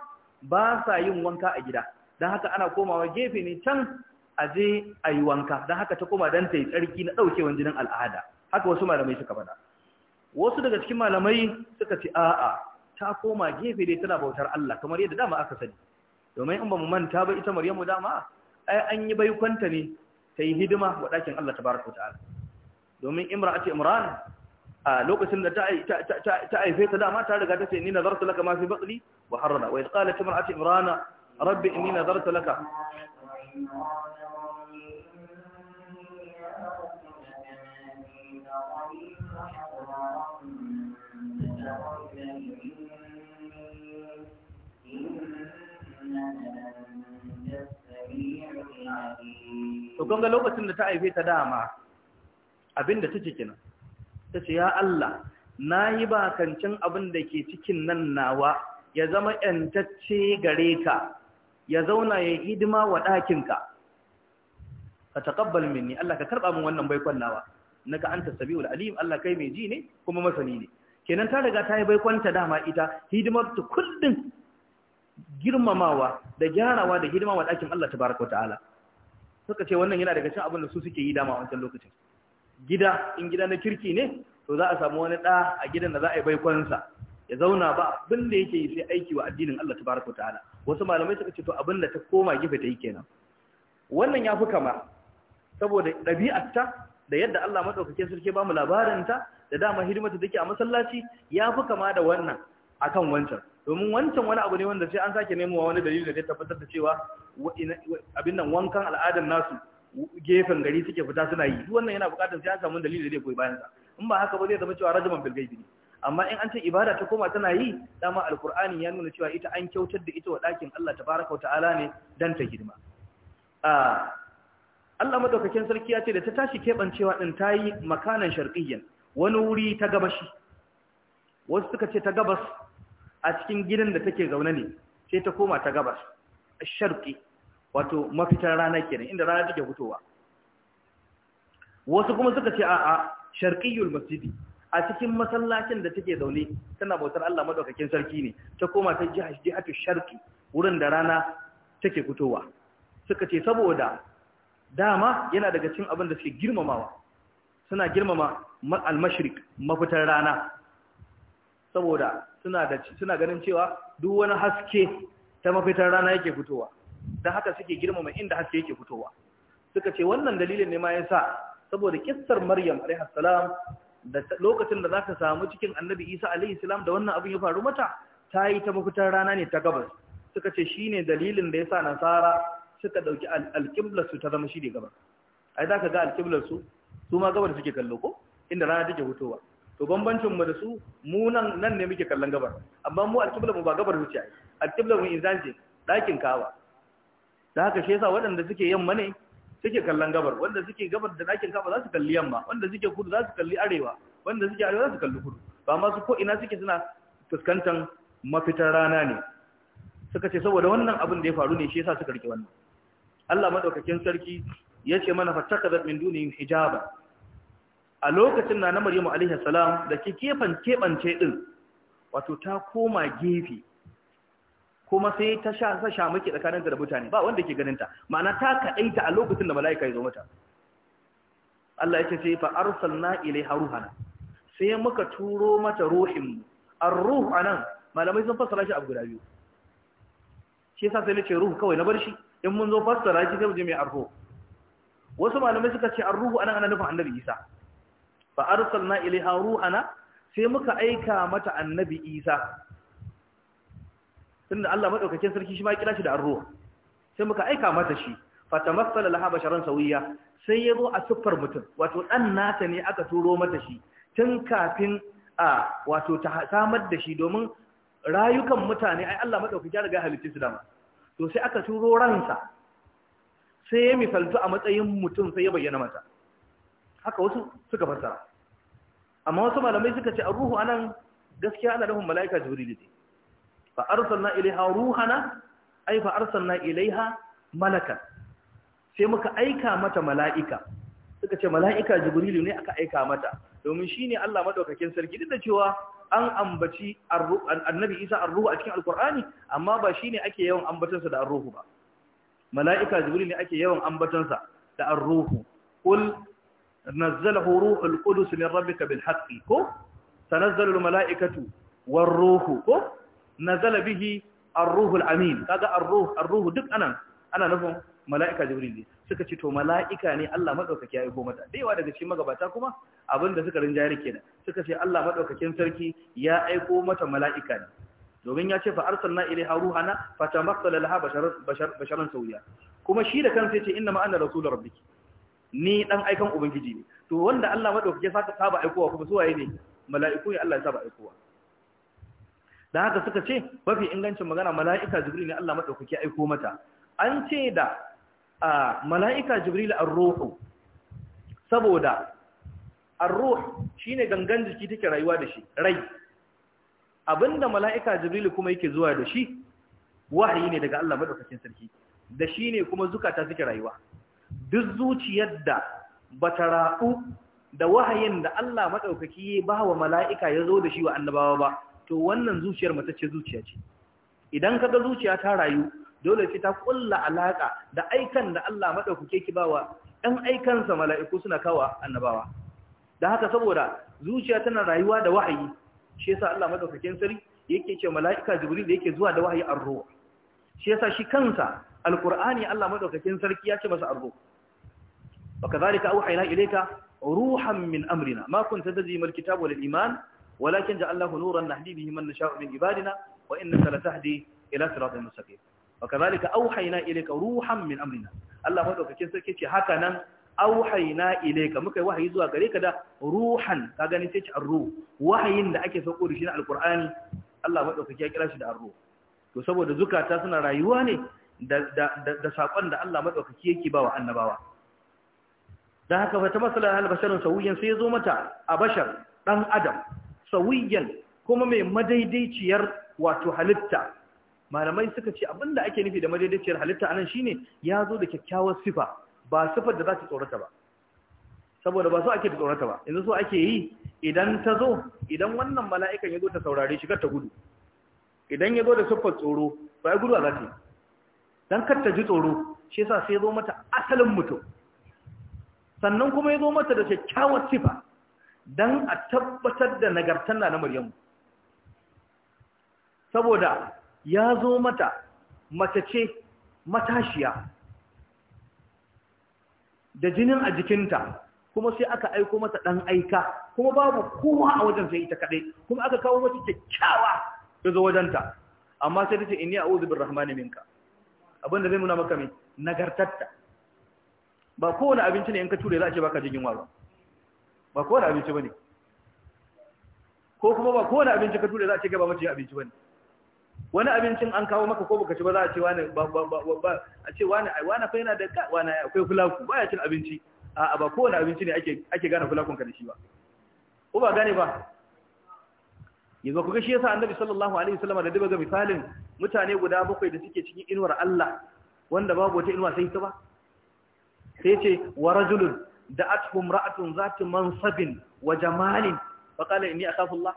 ba sa yin wanka a gida don haka ana komawa gefe ne can a je a yi wanka don haka ta koma don ta yi tsarki na ɗaukewan jinin al'ada haka wasu malamai suka faɗa wasu daga cikin malamai suka ce a'a ta koma gefe dai tana bautar Allah kamar yadda dama aka sani domin in ba mu manta ba ita Maryamu dama ai an yi baikonta ne ta yi hidima wa ɗakin Allah tabaraka ta'ala domin imra'ati imran a lokacin da ta aife ta dama ta riga ta ce ni nazartu laka ma fi batni wa harrama wa idh qalat imran rabbi inni nazartu laka to ga lokacin da ta aife ta dama abinda take kina tace ya Allah nayi kancin abin da ke cikin nan nawa ya zama yantacce gare ka ya zauna ya hidima wa ɗakin ka ka taqabbal minni Allah ka karba min wannan baikon nawa naka anta sabiul alim Allah kai mai ji ne kuma masani ne kenan ta riga ta yi baikonta dama ita hidimar ta kullum girmamawa da gyarawa da wa ɗakin Allah ta baraka ta'ala suka ce wannan yana daga cin abin da su suke yi dama wancan lokacin gida in gida na kirki ne to za a samu wani da a gidan da za a yi baikonsa ya zauna ba abin da yake yi sai aiki wa addinin Allah tabaraka ta'ala wasu malamai suka ce to abin da ta koma gefe ta yi kenan wannan ya fi kama saboda ta da yadda Allah madaukakin sarki ba mu ta da dama hidimata take a masallaci ya fi kama da wannan akan wancan domin wancan wani abu ne wanda sai an sake nemo wani dalili da zai tabbatar da cewa abin nan wankan al'adar nasu gefen gari suke fita suna yi duk wannan yana buƙatar sai an samu dalili da zai koyi bayan sa in ba haka ba zai zama cewa rajaman bil gaibi ne amma in an ce ibada ta koma tana yi dama alqur'ani ya nuna cewa ita an kyautar da ita wa dakin Allah tabaraka wa ta'ala ne dan ta girma. a Allah madaukakin sarki ya ce da ta tashi kebancewa din yi makanan sharqiyyan wani wuri ta gabashi wasu suka ce ta gabas a cikin gidan da take zaune ne sai ta koma ta gabas sharqi wato mafitar rana kenan inda rana take fitowa wasu kuma suka ce a sharqiyul masjidi a cikin masallacin da take zaune tana bautar Allah madaukakin sarki ne ta koma ta jihar jihatu sharqi wurin da rana take fitowa suka ce saboda dama yana daga cikin abin da suke girmamawa suna girmama al-mashriq mafitar rana saboda suna ganin cewa duk wani haske ta mafitar rana yake fitowa don haka suke girmama inda haske yake fitowa suka ce wannan dalilin ne ma ya sa saboda kissar maryam alaihi da lokacin da za ka samu cikin annabi isa alaihi salam da wannan abin ya faru mata ta yi ta mafitar rana ne ta gabas suka ce shi ne dalilin da ya sa nasara suka ɗauki alƙiblarsu ta zama shi ne gabas ai za ka ga alkiblarsu su ma gabar suke kallo ko inda rana take fitowa to bambancin mu da su mu nan nan ne muke kallon gabar amma mu alqibla mu ba gabar zuciya alqibla mu ce dakin kawa da haka shi yasa waɗanda suke yamma ne suke kallon gabar wanda suke gabar da dakin kawa za su kalli yamma wanda suke kudu za su kalli arewa wanda suke arewa za su kalli kudu ba ma su ko ina suke suna fuskantar mafitar rana ne suka ce saboda wannan abin da ya faru ne shi yasa suka rike wannan Allah madaukakin sarki yace mana fattakadat min dunin hijaba a lokacin na na maryamu alaihi salam da ke kefan kebance din wato ta koma gefe kuma sai ta sha sa sha tsakanin da mutane ba wanda ke ganin ta ma'ana ta kadaita a lokacin da mala'ika ya zo mata Allah yake ce fa arsalna ilaiha ruhana sai muka turo mata ruhin ar-ruh anan malamai sun fassara shi a guda biyu shi yasa sai nace ruhu kawai na bar shi in mun zo fassara shi sai mu je mai ar-ruh wasu malamai suka ce ar-ruhu anan ana nufin annabi Isa fa arsalna ilaiha ruhana sai muka aika mata annabi Isa tunda Allah madaukakin sarki shi ma kira shi da arruh sai muka aika mata shi fa tamassala laha basharan sawiya sai yazo a siffar mutum wato dan nata ne aka turo mata shi tun kafin a wato ta samar da shi domin rayukan mutane ai Allah madaukakin ya riga halitta su dama to sai aka turo ransa sai ya misaltu a matsayin mutum sai ya bayyana mata haka wasu suka fassara amma wasu malamai suka ce ar-ruhu anan gaskiya ana nufin mala'ika jibril ne fa arsalna ilaiha ruhana ai fa arsalna ilaiha malakan sai muka aika mata mala'ika suka ce mala'ika jibrilu ne aka aika mata domin shine Allah madaukakin sarki duk da cewa an ambaci annabi Isa ar a cikin alqur'ani amma ba shine ake yawan ambatansa da ar ba mala'ika jibril ne ake yawan ambatansa da ar-ruhu qul نزله روح القدس من ربك بالحق كو تنزل الملائكة والروح كو نزل به الروح الأمين هذا الروح الروح دك أنا أنا نفهم mala'ika jibril ne suka ce to mala'ika ne Allah madaukaki ya aiko mata da yawa daga cikin magabata kuma abinda suka rinjari kenan suka ce Allah madaukakin sarki ya aiko mata mala'ika ne domin ya ce fa arsalna ilaiha ruhana fa tamassala laha basharan sawiya kuma shi da kansa yace inna ma anna rasulur rabbiki ni dan aikan ubangiji ne to wanda Allah ya saka saba aikowa kuma su waye ne mala'iku ne Allah ya saba aikowa da haka suka ce mafi ingancin magana mala'ika jibril ne Allah ya aiko mata an ce da mala'ika jibril ar-ruhu saboda ar-ruh shine gangan jiki take rayuwa da shi rai abinda mala'ika jibril kuma yake zuwa da shi wahayi ne daga Allah madaukakin sarki da shi ne kuma zukata take rayuwa duk zuciyar da ba ta da wahayin da Allah maɗaukaki ya ba wa mala'ika ya zo da shi wa annabawa ba, to wannan zuciyar matacce zuciya ce. Idan ka ga zuciya ta rayu, dole ce ta ƙulla alaƙa da aikan da Allah maɗaukaki ki ba wa ‘yan aikansa mala'iku suna kawa annabawa. Da haka saboda zuciya tana rayuwa da wahayi, shi yasa Allah maɗaukakin sari yake ce mala'ika Jibril da yake zuwa da wahayi arro. Shi yasa shi kansa, Alƙur'ani Allah maɗaukakin sarki ya ce masa arro. وكذلك أوحينا إليك روحا من أمرنا ما كنت تدري الكتاب ولا الإيمان ولكن جعلناه نورا نهدي به من نشاء من عبادنا وإنك لتهدي إلى صراط مستقيم وكذلك أوحينا إليك روحا من أمرنا الله هو كيف كيف هكذا auhaina ilayka muka yi wahayi zuwa gare ka da ruhan ka gani sai ci wahayin da ake sauko da shi na alqur'ani Allah madaukaki ya kira da to saboda zukata suna rayuwa ne da da da sakon da Allah madaukaki yake bawa annabawa Da haka fata masalar halbasharin sauyin sai ya zo mata a bashar ɗan adam sauyin kuma mai madaidaiciyar wato halitta malamai suka ce abinda ake nufi da madaidaiciyar halitta anan shine ya zo da kyakkyawar sifa ba sifar da za ta tsorata ba saboda ba so ake da tsorata ba yanzu so ake yi idan ta zo idan wannan mala'ikan ya zo ta saurare shi ta gudu idan ya zo da siffar tsoro ba ya gudu a za ta yi don kar ta ji tsoro shi yasa sai zo mata asalin mutum sannan kuma ya zo mata da kyakkyawar sifa don a tabbatar da nagartar na maryamu saboda ya zo mata mace ce matashiya da jinin a jikinta kuma sai aka aiko mata ɗan aika kuma babu kowa a wajen sai ita kaɗai kuma aka kawo mata kyakkyawa ya zo wajenta amma sai ta ce inni a uzubin minka abinda zai nuna maka mai nagartatta ba kowane abinci ne in ka ture za a ce baka jin yunwa ba ba kowane abinci bane ko kuma ba kowane abinci ka ture za a ce gaba mace abinci bane wani abincin an kawo maka ko baka ci ba za a ce wani ba ba ba a ce wani ai wani fa yana da wani akwai fulaku ya cin abinci a ba kowane abinci ne ake ake gane fulakun ka da shi ba ko ba gane ba yanzu ga shi yasa annabi sallallahu alaihi wasallam da ga misalin mutane guda bakwai da suke cikin inuwar Allah wanda babu wata inuwa sai ta ba sai ce wa rajulun da atkum ra'atun zati mansabin wa jamalin fa qala inni akhafullah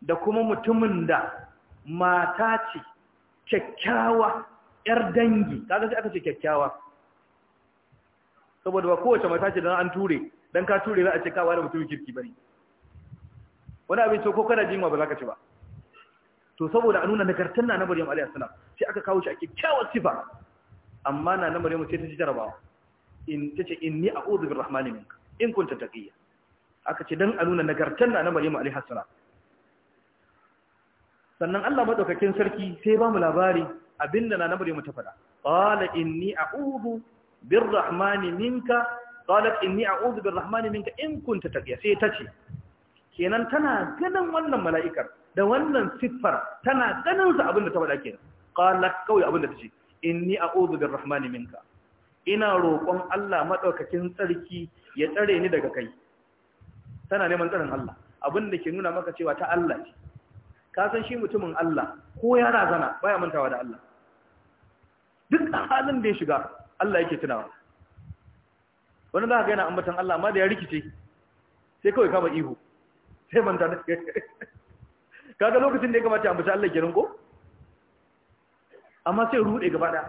da kuma mutumin da mata ce kyakkyawa yar dangi kaga sai aka ce kyakkyawa saboda ba kowace mata ce don an ture dan ka ture za a ce kawai da mutumin kirki bari. wani abin to ko kana jinwa ba za ka ci ba to saboda a nuna nagartar na na Maryam alaihi salam sai aka kawo shi a kyakkyawar sifa amma na na Maryam sai ta ji jarabawa in tace inni a'udhu birrahmani minka in kunta taqiyya aka ce dan a nuna nagartan na Maryamu alaiha salam sannan Allah madaukakin sarki sai ba mu labari abinda na Maryamu ta faɗa qala inni a'udhu birrahmani minka qalat inni a'udhu birrahmani minka in kunta taqiyya sai tace kenan tana ganin wannan mala'ikar da wannan siffar tana ganin su abinda ta faɗa kenan qalat kawai abinda tace inni a'udhu birrahmani minka ina roƙon Allah maɗaukakin tsarki ya tsare ni daga kai tana neman tsarin Allah abin da ke nuna maka cewa ta Allah ce ka san shi mutumin Allah ko ya razana baya mantawa da Allah duk halin da ya shiga Allah yake tunawa wani za ka yana ambatan Allah amma da ya rikice sai kawai kama ihu sai manta da kaga lokacin da ya kamata ambaci Allah ke ko amma sai ruɗe gaba da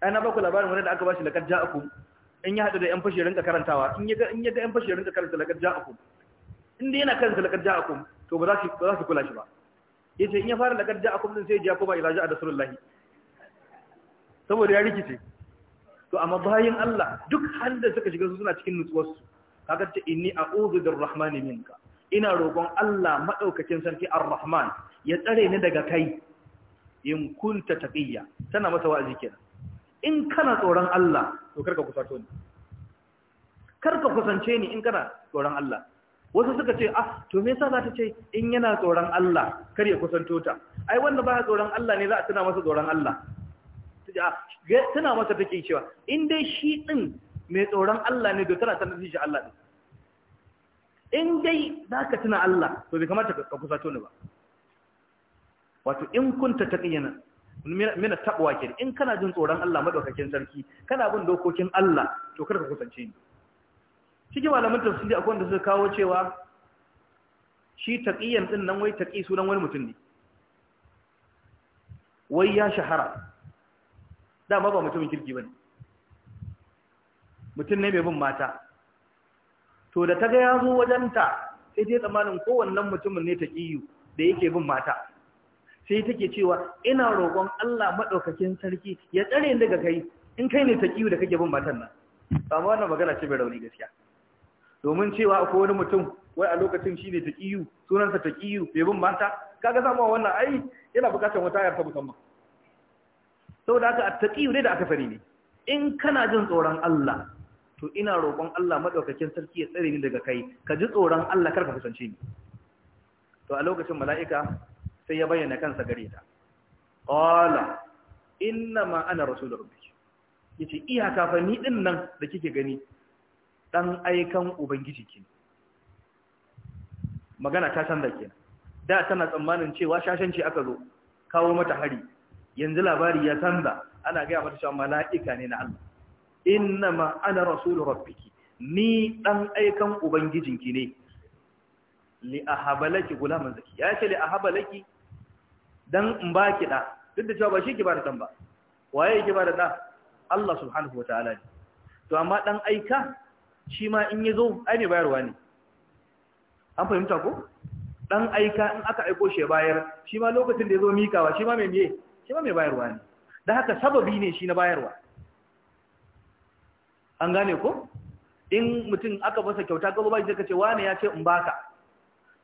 ai na baku labarin wani da aka ba shi lakar ja'akum in ya haɗu da yan fashe rinka karantawa in ya ga in ya ga yan fashe rinka karanta lakar ja'akum in da yana karanta lakar ja'akum to ba za su kula shi ba Ya ce in ya fara lakar ja'akum din sai ya ko ba ila ja'a rasulullahi saboda ya rikice to amma bayan Allah duk halin da suka shiga su suna cikin nutsuwarsu kaga ta inni a'udhu birrahmani minka ina roƙon Allah maɗaukacin sarki ar-Rahman ya tsare ni daga kai in kunta taqiyya tana masa wa'azi kenan in kana tsoron Allah to karka kusato ni karka kusance ni in kana tsoron Allah wasu suka ce ah to me yasa za ta ce in yana tsoron Allah kar ya kusanto ta ai wanda baya tsoron Allah ne za a tuna masa tsoron Allah ah, tuna masa take cewa in dai shi din mai tsoron Allah ne to tana tana shi Allah din in dai za ka tuna Allah to bai kamata ka kusato ni ba wato in kunta taqiyana mina taqwa ke in kana jin tsoron Allah maɗaukakin sarki kana bin dokokin Allah to kada ka kusance ni cikin malamin tafsiri akwai wanda suka kawo cewa shi taqiyan din nan wai taqi sunan wani mutum ne wai ya shahara dama ba mutumin kirki bane mutum ne mai bin mata to da ta ga ya zo wajenta sai dai tsamanin kowannen mutumin ne taqiyu da yake bin mata sai take cewa ina roƙon Allah maɗaukakin sarki ya tsare ni daga kai in kai ne taqiyu da kake bin matan nan ba ma wannan magana ce mai rauni gaskiya domin cewa akwai wani mutum wai a lokacin shi ne ta taqiyu sunansa taqiyu bai bin mata kaga samu wannan ai yana bukatar wata ayar ta musamman saboda haka ta taqiyu dai da aka sani ne in kana jin tsoron Allah to ina roƙon Allah maɗaukakin sarki ya tsare ni daga kai ka ji tsoron Allah kar ka kusance ni to a lokacin mala'ika sai ya bayyana kansa gare ta qala inna ma ana rasul rabbik yace iyaka fa ni din nan da kike gani dan aikan ubangiji ki magana ta san da kenan da tana tsammanin cewa shashanci aka zo kawo mata hari yanzu labari ya canza ana gaya mata cewa mala'ika ne na Allah inna ma ana rasul rabbiki ni dan aikan ubangijinki ne li ahabalaki gulaman zaki ya ce li ahabalaki dan in ba ki da duk da cewa ba shi ki ba da dan ba waye ki ba da da Allah subhanahu wataala ne to amma dan aika shi ma in yazo ai ne bayarwa ne an fahimta ko dan aika in aka aiko shi bayar shi ma lokacin da yazo mikawa shi ma mai miye shi ma mai bayarwa ne dan haka sababi ne shi na bayarwa an gane ko in mutum aka masa kyauta gaba ba ka kace wane ya ce in baka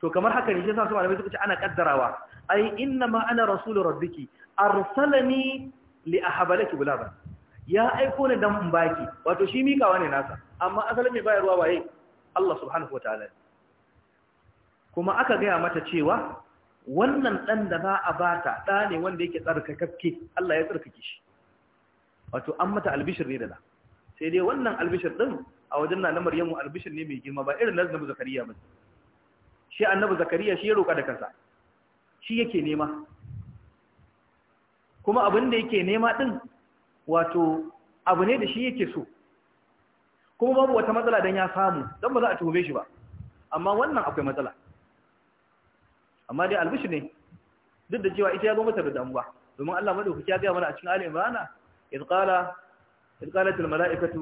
to kamar haka ne shi yasa su malamai suka ce ana kaddarawa ai innama ana rasulur rabbiki arsalani li ahbalaki gulaban ya aiko ni dan in baki wato shi mikawa ne nasa amma asalin mai bayarwa waye Allah subhanahu wataala kuma aka gaya mata cewa wannan dan da za a bata da ne wanda yake tsarkakakke Allah ya tsarkake shi wato an mata albishir ne da la sai dai wannan albishir din a wajen na na Maryamu albishir ne mai girma ba irin na Zakariya ba shi annabi zakariya shi ya roƙa da kansa shi yake nema kuma abin da yake nema ɗin wato abu ne da shi yake so kuma babu wata matsala don ya samu don ba za a tuhume shi ba amma wannan akwai matsala amma dai albishi ne duk da cewa ita ya zo mata da damuwa domin Allah madaukaki ya gaya mana a cikin alim Imran idh ƙara idh qalat al mala'ikatu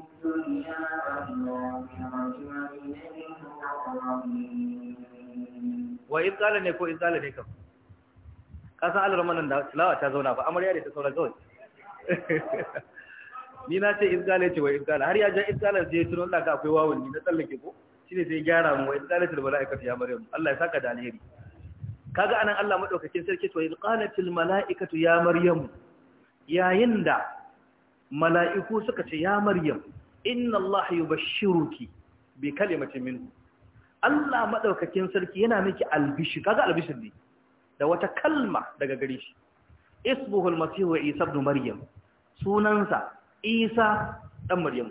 Wa والآخرة ne ko in ne kam ka san alaran nan da tilawa ta zauna ba amarya da ta saura kawai ni na ce in ce wa in har ya ja in qala sai tuno Allah ka akwai wawun ni na tsallake ko shine sai gyara mu wa in qala til malaikatu ya maryam Allah ya saka da alheri kaga anan Allah madaukakin sarki to in qala til malaikatu ya maryam yayin da mala'iku suka ce ya maryam inna Allah yubashshiruki bi kalimatin minu Allah maɗaukakin sarki yana miki albishir kaga albishir ne da wata kalma daga gare shi ismuhu masihu isa ibn maryam sunansa isa dan maryam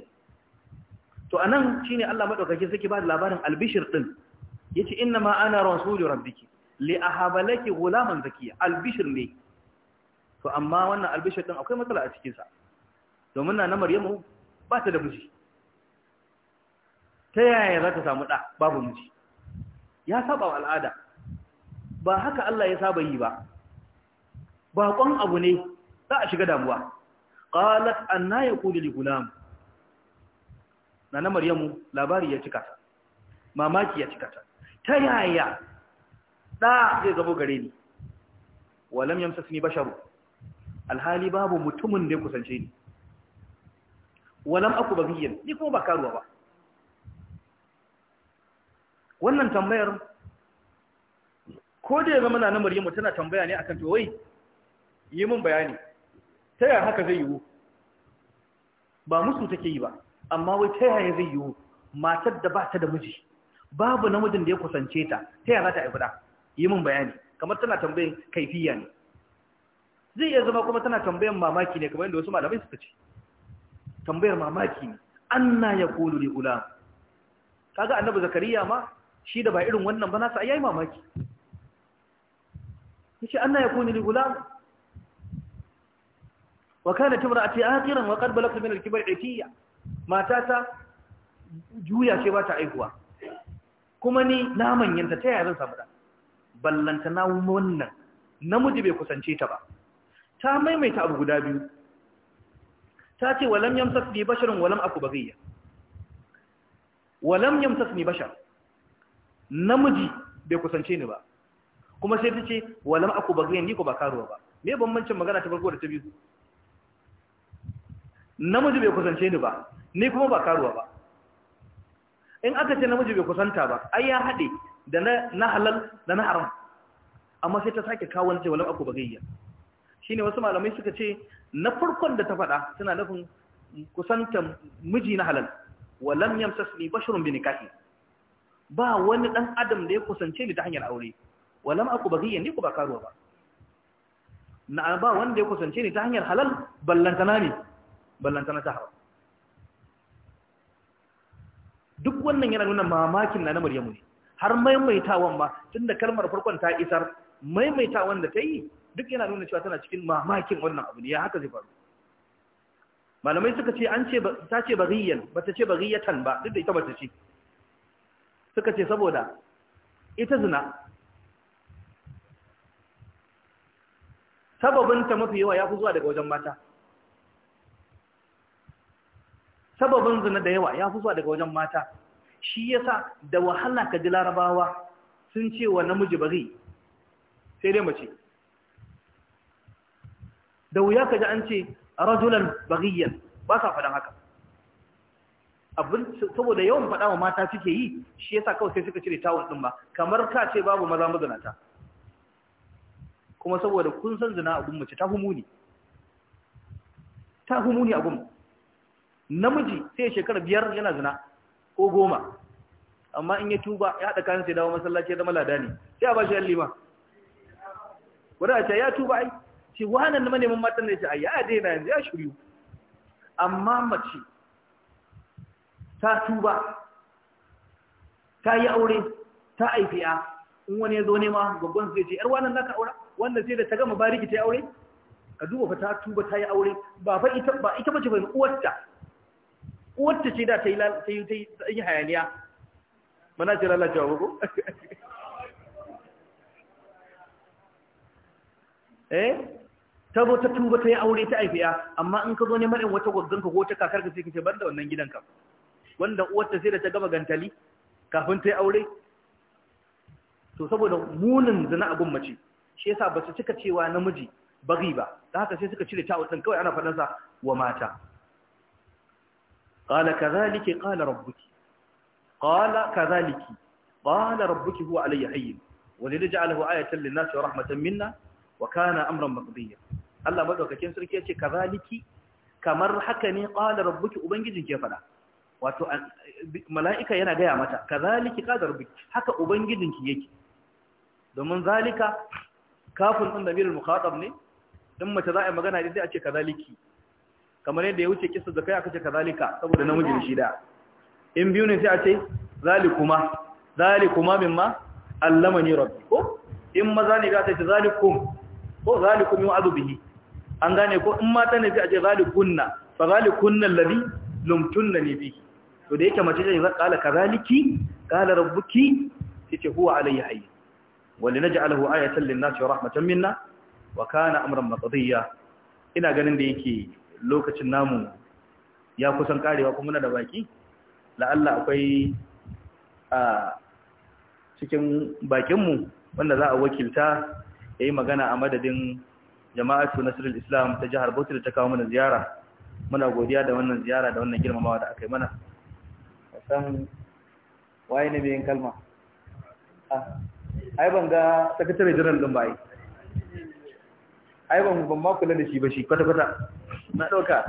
to anan shine Allah madaukakin sarki ba da labarin albishir din yace inna ma ana rasulu rabbiki li ahaba laki ghulaman zakiya albishir ne to amma wannan albishir din akwai matsala a cikin sa domin na na maryamu ba ta da miji ta yaya za ta samu ɗa babu miji ya saba wa al'ada ba haka Allah ya saba yi ba baƙon abu ne za a shiga damuwa qalat anna yakulu li gulam na maryamu labari ya cika mamaki ya cika ta yaya ɗa zai zabo gare ni walam yamsasni basharu alhali babu mutumin da ya kusance ni walam aku bagiyan ni kuma ba karuwa ba wannan tambayar ko da ya zama na namar yamma tana tambaya ne akan wai yi min bayani ta yaya haka zai yiwu ba musu take yi ba amma wai ta yaya zai yiwu matar da ba ta da miji babu namijin da ya kusance ta ta yaya za ta aifada yi min bayani kamar tana tambayin kaifiya ne zai iya zama kuma tana tambayin mamaki ne kamar yadda wasu malamai suka ce tambayar mamaki ne ya yaqulu li ulam kaga annabi zakariya ma shi da ba irin wannan ba nasa yayi mamaki yace anna kulu li gulam wa kanat imra'ati akhiran wa qad balagtu min al-kibr itiya ta juya ce ba ta aihuwa kuma ni na manyanta ta yayin samu da ballanta na wannan namiji bai kusance ta ba ta maimaita abu guda biyu ta ce walam yamsasni basharun walam aku bagayya walam yamsasni bashar namiji bai kusance ni ba kuma sai ta ce walam aku bagayya ni ko ba karuwa ba me bambancin magana ta farko da ta biyu namiji bai kusance ni ba ni kuma ba karuwa ba in aka ce namiji bai kusanta ba ai ya hade da na halal da na haram amma sai ta sake kawo ce walam aku bagayya shine wasu malamai suka ce na farkon da ta faɗa suna nufin kusanta miji na halal walam yamsasni basharun bi nikahi ba wani dan adam da ya kusance ni ta hanyar aure walam aku baghiyan ni ku ba karuwa ba na ba wanda ya kusance ni ta hanyar halal ballantana ne ballantana ta haram duk wannan yana nuna mamakin na na Maryamu ne har maimaitawan ma tunda kalmar farkon ta isar maimaitawan da ta yi duk yana nuna cewa tana cikin mamakin wannan abu ne ya haka zai faru malamai suka ce an ce ta ce bariyan bata ce bariyatan ba duk da ita bata ce suka ce saboda ita zina sababinta mafi yawa ya fi zuwa daga wajen mata sababin zina da yawa ya fi zuwa daga wajen mata shi yasa da wahala ka ji larabawa sun ce wa namiji bari sai dai mace da wuya ka ji an ce rajulan baghiyan ba sa faɗan haka abin saboda yawan faɗa wa mata suke yi shi yasa kawai sai suka cire tawul ɗin ba kamar ka ce babu maza mazinata kuma saboda kun san zina a mace ta humuni ta humuni a gumma namiji sai shekara biyar yana zina ko goma amma in ya tuba ya haɗa kayan sai dawo masallaci ya zama lada ne sai a ba shi yan lima. wadda a ce ya tuba ai ce wannan da manemin matan ne ce a ya daina yanzu ya shiryu amma mace ta tuba ta yi aure ta aifiya in wani ya zo nema su ya ce yar wannan naka aura wanda sai da ta gama bariki ta yi aure ka duba fa ta tuba ta yi aure ba fa ita ba ita bace bai uwarta uwarta ce da ta yi ta yi yi hayaniya mana ce lalacewa ko eh ta zo ta tuba ta yi aure ta aifiya amma in ka zo neman in wata gwaggin ka ko ta kakar ka sai ka ce bar da wannan gidan ka wanda uwarta sai da ta gama gantali kafin ta yi aure to saboda munin zina abun mace shi yasa ba su cika cewa namiji bari ba da haka sai suka cire ta din kawai ana sa wa mata qala kadhalika qala rabbuki qala kadhalika qala rabbuki huwa alayya hayyin wa lidja'alahu ayatan lin-nasi wa rahmatan minna wa kana amran maqdiya Allah madaukakin sarki yace kazaliki kamar haka ne qala rabbuki ubangijin ke fada wato mala'ika yana gaya mata kazaliki qala rabbuki haka ubangijin ki yake domin zalika kafin din damirul mukhatab ne in mace za a yi magana dai a ce kazaliki kamar yadda ya wuce kisa zakai aka ce kazalika saboda namiji ne shi da in biyu ne sai a ce zalikuma zalikuma mimma allamani rabbi ko in maza ne za ta ce zalikum ko zalikum yu'adu bihi an gane ko in mata ne sai a ce zalikunna fa zalikunna alladhi lumtunnani bihi to da yake mace ce kala kazaliki kala rabbuki yace huwa alayhi hayy walinaj'alahu ayatan lin-nasi rahmatan minna wa kana amran maqdiya ina ganin da yake lokacin namu ya kusan karewa kuma na da baki la'alla akwai a cikin bakinmu wanda za a wakilta ya yi magana a madadin jama'atu nasarar islam ta jihar bauchi da ta kawo mana ziyara muna godiya da wannan ziyara da wannan girmamawa da aka yi mana san waye ne mai yin kalma ah, ai ban ga sakatare jiran din ba ai ai ban ban ma kula da shi ba shi kwata kwata na dauka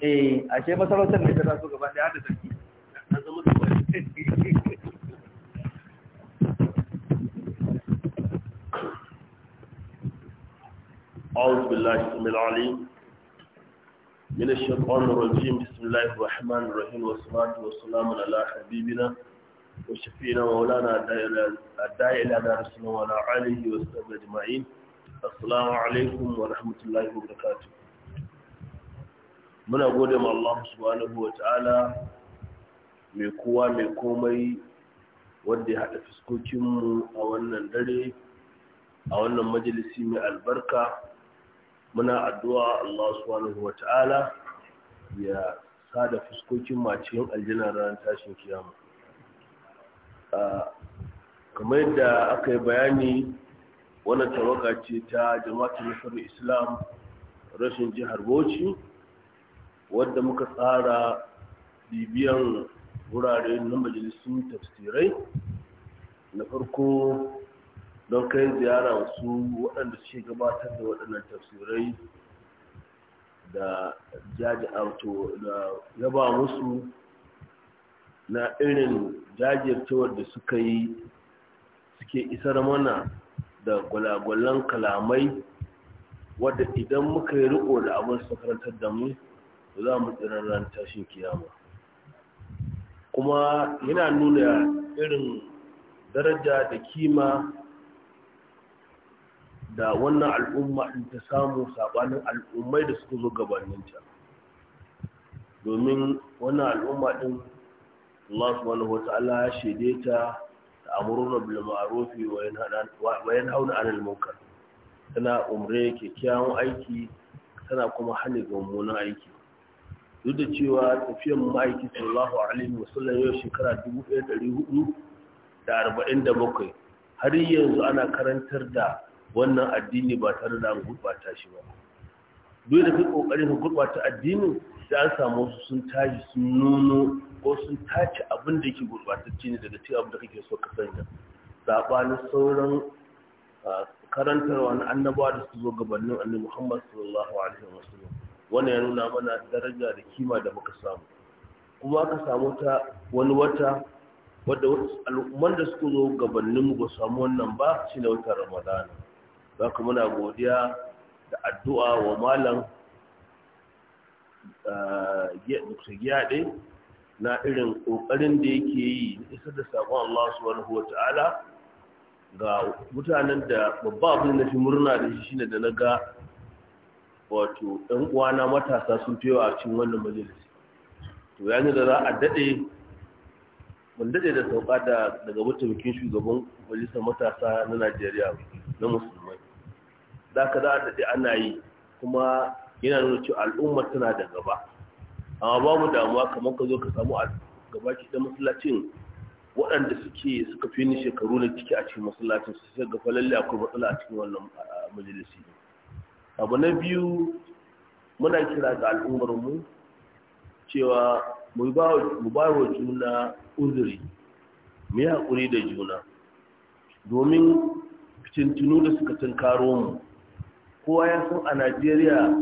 eh ashe masarautar ne ta taso gaba daya da sarki na zama أعوذ بالله السميع العليم من الشيطان الرجيم بسم الله الرحمن الرحيم والصلاة والسلام على حبيبنا وشفينا مولانا الداعي إلى رسولنا وعلى آله وصحبه أجمعين السلام عليكم ورحمة الله وبركاته من أقول ma الله سبحانه وتعالى ta'ala mai kowa mai komai wanda ya haɗa fuskokinmu a wannan dare a wannan majalisi mai albarka muna addu'a Allah subhanahu wa ta'ala ya sada fuskokin macin aljina ranar tashin kiyama kamar yadda aka yi bayani wannan tawaga ce ta jama'atul nasarar islam rashin jihar bauchi wadda muka tsara bibiyan wurare na majalisun tafsirai na farko don kai ziyara su waɗanda suke gabatar da waɗannan tafsirai da jaji auto da musu na irin jajircewar da suka yi suke isar mana da gwalagwalan kalamai wadda idan muka yi riko da abin su karantar da mu za mu tsirarren tashin kiyama kuma yana nuna irin daraja da kima da wannan al'umma in ta samu sabanin al'ummai da suka zo gabaninta domin wannan al'umma din Allah subhanahu wata'ala ya shede ta da amurna bil ma'rufi wa yanhauna 'anil munkar tana umre kyakkyawan aiki tana kuma hana ga mummunan aiki duk da cewa tafiyar ma'aiki sallallahu alaihi sallam yau shekara 1447 har yanzu ana karantar da wannan addini ba tare da an gurɓata shi ba duk da kai kokarin ka gurɓata addinin sai an samu su sun tashi sun nuno ko sun tace abin da yake gurɓatacce ne daga cikin abin da kake so ka sanya sabanin sauran karantarwa na annabawa da su zo gabanin annabi Muhammad sallallahu alaihi wasallam wannan ya nuna mana daraja da kima da muka samu kuma ka samu ta wani wata wadda al'umman da suka zo gabanin mu ba samu wannan ba shine wata Ramadana za ku muna godiya da addu'a wa malam dr ah, gyaɗe na irin ƙoƙarin da yake yi isa da saƙon Allah subhanahu wa ta'ala ga mutanen da babba abin da fi murna da shi shine da na ga wato ɗan uwana matasa sun fiye a cikin wannan majalisi to yanzu da za a daɗe mun daɗe da sauka daga mataimakin shugaban majalisar matasa na najeriya na musulmi za ka za a daɗe ana yi kuma yana nuna cewa al'umma tana da gaba amma babu damuwa kamar ka zo ka samu a gaba ke da masallacin waɗanda suke suka fi ni shekaru na ciki a cikin masallacin su sai gafa lalle akwai matsala a cikin wannan majalisi abu na biyu muna kira ga al'ummar mu cewa mu ba wa juna uzuri mu yi haƙuri da juna domin fitintunu da suka tunkaro mu kowa ya san a najeriya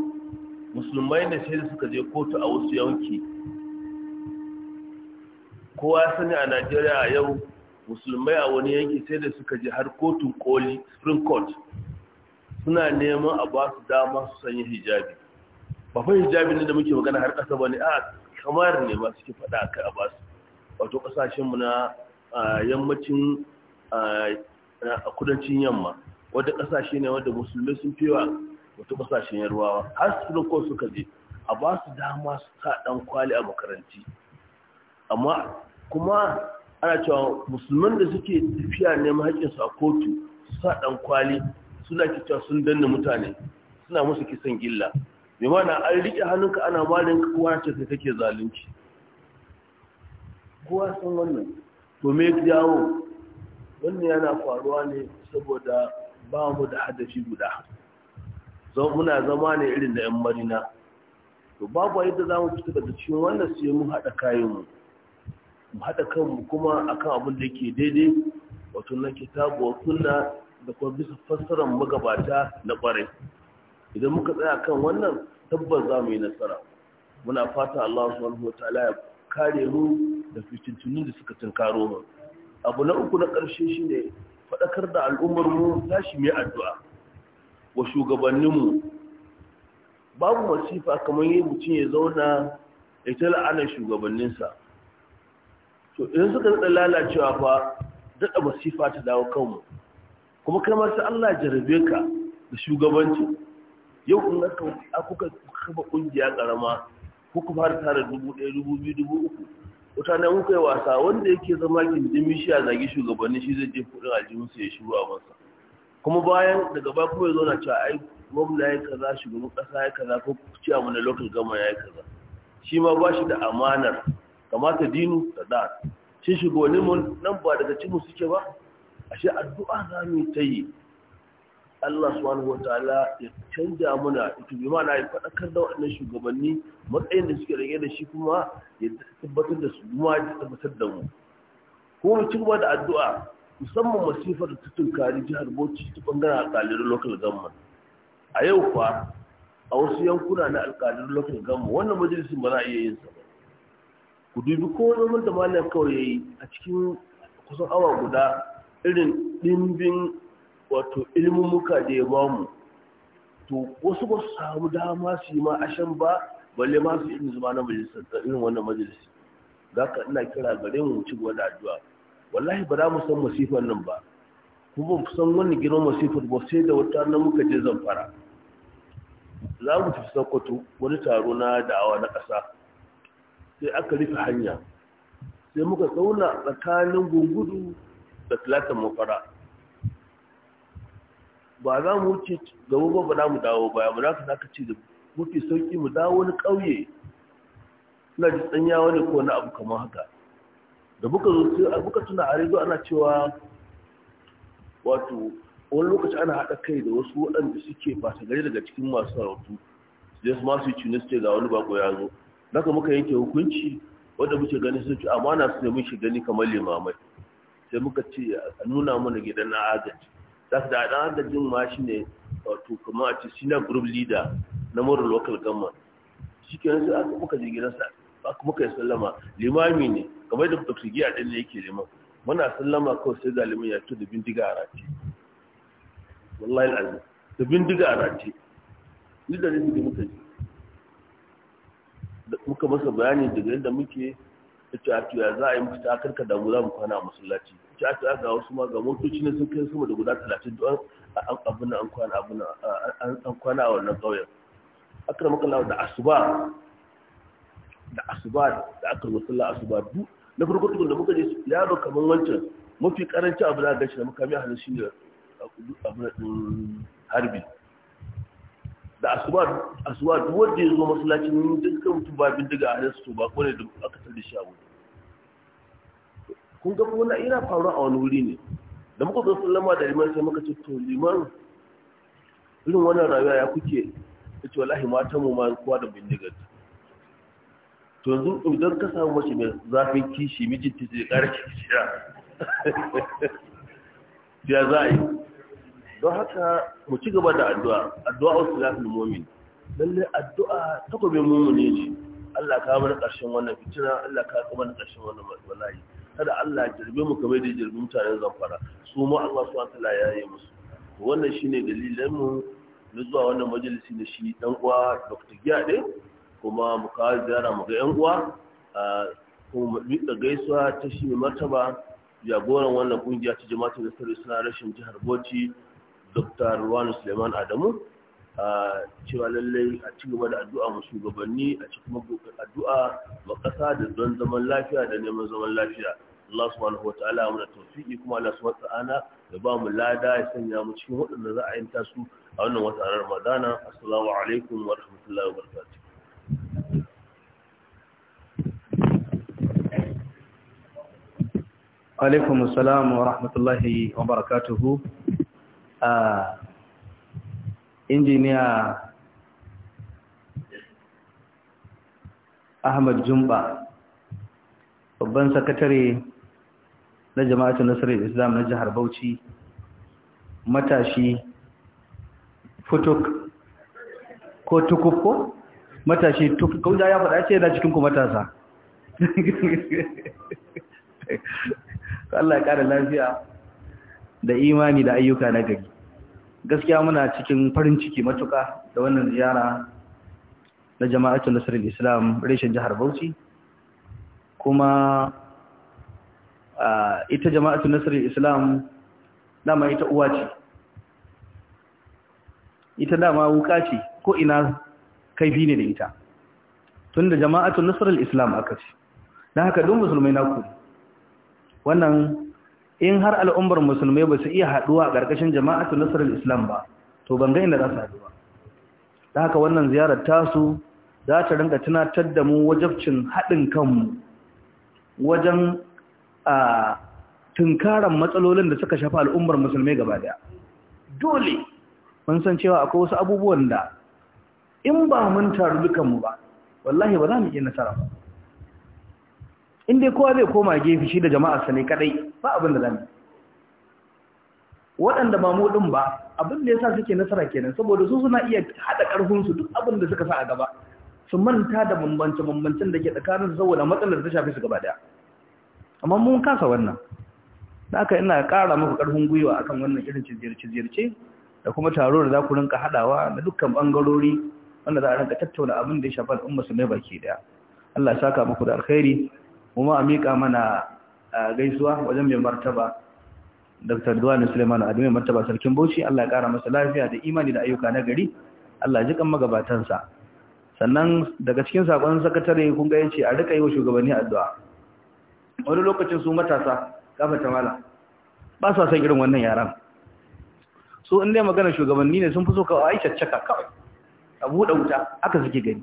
musulmai ne sai suka je kotu a wasu yanki kowa ya sani a najeriya a yau musulmai a wani yanki sai da suka je har kotun koli spring court suna neman a ba su dama su sanya hijabi ba fa hijabi ne da muke magana har kasa ba ne a kamar ne ba suke faɗa a kai a ba su wato ƙasashenmu na yammacin a kudancin yamma wata ƙasashe ne wanda musulmi sun fiwa wata ƙasashen yarwawa har su ko suka je a ba su dama su sa ɗan kwali a makaranti amma kuma ana cewa musulman da suke tafiya neman haƙƙinsu a kotu su sa ɗan kwali suna cewa sun danna mutane suna musu kisan gilla bai mana an riƙe hannunka ana malin kowa ce sai kake zalunci kowa san wannan to me jawo wannan yana faruwa ne saboda ba mu da hadafi guda zan muna zama ne irin da 'yan marina to babu yadda za mu fita daga cikin wannan sai mun haɗa kayanmu mu haɗa kanmu kuma akan abin da ke daidai wato na kitabu wa sunna da kuma bisa fassarar magabata na ƙwarai idan muka tsaya kan wannan tabbas za mu yi nasara muna fata Allah subhanahu wa ta'ala ya kare mu da fitintunin da suka tunkaro mu abu na uku na ƙarshe shine faɗakar da al'ummar mu tashi mai addu'a wa shugabanninmu babu masifa kamar yi mutum ya zauna ya ta la'anar shugabanninsa to idan suka daɗa lalacewa fa daɗa masifa ta dawo kanmu kuma kai masu Allah jarabe ka da shugabanci yau in aka kuka kafa ƙungiya ƙarama kuka fara tara dubu ɗaya dubu mutane muka kai wasa wanda yake zama gindimi shi a zagi shugabanni shi zai je kudin aljihunsa ya shiru a masa kuma bayan daga gaba kuma ya zauna cewa ai gwamna ya kaza shugaban kasa ya kaza ko ci a na lokacin gama ya yi kaza shi ma ba shi da amanar kamata dinu da da shi shugabanni mun nan ba daga cikin suke ba ashe addu'a za mu yi ta yi Allah subhanahu wataala ya canja muna ita bi mana ya faɗakar da waɗannan shugabanni matsayin da suke rage da shi kuma ya tabbatar da su kuma ya tabbatar da mu kuma mu ci gaba da addu'a musamman masifar da ta tunkari jihar Bauchi ta bangaren alƙalin local government a yau fa a wasu yankuna na alƙalin local government wannan majalisin ba za a iya yin sa ba ku dubi ko zaman da malam kawai yi a cikin kusan awa guda irin ɗimbin wato muka da ya bamu mu to wasu ba su samu dama su yi ma ashen ba balle ma su irin zama na majalisar irin wannan majalisi za ka ina kira gare mu ci gaba da addu'a wallahi ba za mu san masifar nan ba kuma mu san wani girman masifar ba sai da wata nan muka je zamfara za mu tafi sokoto wani taro na da'awa na ƙasa sai aka rufe hanya sai muka tsauna tsakanin gungudu da talatin mafara ba za mu wuce gaba ba ba za mu dawo baya ba za ka ka ce da mafi sauƙi mu dawo wani ƙauye suna ji tsanya wani ko wani abu kamar haka da buka zo buka tuna a rezo ana cewa wato wani lokaci ana haɗa kai da wasu waɗanda suke ba ta gari daga cikin masu sarautu da su masu yi ce ga wani bako ya zo naka muka yanke hukunci wanda muke gani sun ce na su ne mun shiga gani kamar limamai sai muka ce a nuna mana gidan na agaji za su da ɗan da jin ma shi ne wato kuma a ce senior group leader na moral local government shi ke nasu aka muka je gidansa aka muka yi sallama limami ne kamar da dr giya ɗin ne yake liman muna sallama kawai sai ga liman ya fito da bindiga a rati wallahi al'azim da bindiga a rati ni da ne da muka je muka masa bayani daga yadda muke ita a tuya za a yi mafita karka damu za mu kwana a masallaci ita a tuya ga wasu ma ga motoci ne sun kai sama da guda talatin don an abin an kwana abin an kwana a wannan ƙauyen akramaka Allah da asuba da asuba da akramaka Allah asuba duk na farko tukun da muka je ba kaman wancan mafi karanci abu da gashi da muka mai halin shi ne da harbi da asuba duk wanda ya zo masallacin yin dukkan mutum ba bindiga a hannun su ba kone ne da aka tsar shi a wuri kun ga wani ina faruwa a wani wuri ne da muka zo sallama da liman sai muka ce to liman irin wannan rayuwa ya kuke ce wallahi matan mu ma kowa da bindigar to yanzu idan ka samu mace mai zafin kishi mijinta zai ƙara kishi ya za yi don haka mu ci gaba da addu'a addu'a usulul mu'min lalle addu'a be mu'mini ne Allah ka mana ƙarshen wannan fitina Allah ka kuma mana ƙarshen wannan wallahi kada Allah ya jirbe mu kamar da jirbin mutanen zamfara su mu Allah subhanahu wa ta'ala ya yi musu wannan shine dalilan mu na zuwa wannan majalisi da shi dan uwa Dr. Giyade kuma mu ka ziyara mu ga yan uwa kuma mu gaisuwa ta shi mai martaba jagoran wannan kungiya ta jama'atul Nasr suna rashin jihar Bauchi Dr. Ruwan Suleiman Adamu a cewa lallai a ci gaba da addu'a mu shugabanni a ci kuma addu'a ma kasa da don zaman lafiya da neman zaman lafiya Allah subhanahu wa ta'ala da tawfiki kuma Allah subhanahu wa ta'ala ya ba mu lada ya sanya mu cikin wadanda za a yi tasu a wannan wata Ramadana assalamu alaikum wa rahmatullahi wa barakatuh alaikum assalam wa rahmatullahi wa barakatuhu injiniya ahmad jumba babban sakatare na jama'atu nasarar islam na jihar bauchi matashi futuk ko tukufko matashi kawai ya faɗa ce yana cikin ku matasa Allah ya ƙara lafiya da imani da ayyuka na gari gaskiya muna cikin farin ciki matuka da wannan ziyara na jama'atul nasarar islam reshen jihar bauchi kuma ah, ita jama'atul nasarar islam dama ita uwa ce ita dama wuka ce ko ina kaifi ne da ita tun da jama'atul nasarar islam aka ce na haka don musulmai naku wannan in har al'ummar musulmai ba su iya haɗuwa a ƙarƙashin jama'atu nasarar islam ba to ban ga inda za su ba. da haka wannan ziyarar tasu za ta rinka tunatar da mu wajabcin haɗin kanmu wajen a tunkaran matsalolin da suka shafa al'ummar musulmai gaba daya dole mun san cewa akwai wasu abubuwan da in ba mun taru dukanmu ba wallahi ba za mu iya nasara ba in dai kowa zai koma gefe shi da jama'arsa ne kadai ba abin da zamu waɗanda ba mu din ba abin da yasa suke nasara kenan saboda su suna iya haɗa karfin duk abin da suka sa a gaba su manta da bambance bambancen da ke tsakanin su saboda matsalar ta shafi su gaba daya amma mun kasa wannan haka ina ƙara muku ƙarfin gwiwa akan wannan irin cizirce-cizirce da kuma taro da za ku rinka haɗawa na dukkan ɓangarori wanda za a rinka tattauna abin da ya shafa al'umma su mai baki daya Allah ya saka muku da alkhairi kuma a miƙa mana A gaisuwa wajen mai martaba Dr. Duwani Suleiman Adamu mai martaba sarkin Bauchi Allah ya kara masa lafiya da imani da ayyuka na gari Allah ji kan magabatansa sannan daga cikin sakon sakatare kun ga yace a rika yi wa shugabanni addu'a wani lokacin su matasa kafa ta mala ba sa san irin wannan yaran su in dai magana shugabanni ne sun fi so ka Aisha caka kawai a buɗe wuta aka suke gani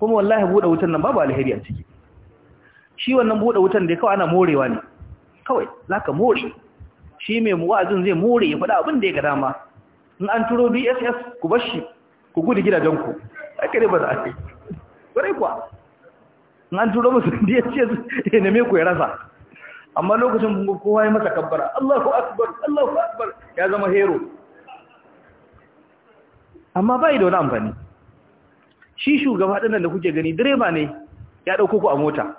kuma wallahi buɗe wutan nan babu alheri a ciki shi wannan buɗe wutan da kawai ana morewa ne kawai za ka more shi mai wa'azin zai more ya faɗa abin da ya ga dama in an turo BSS ku bar shi ku gudu ku aka ne ba za a ce ƙwarai kuwa in an turo musu dss ya neme ku ya rasa amma lokacin kowa ya masa kabbara allahu akbar allahu akbar ya zama hero amma bai da wani amfani shi shugaba ɗin da kuke gani direba ne ya ɗauko ku a mota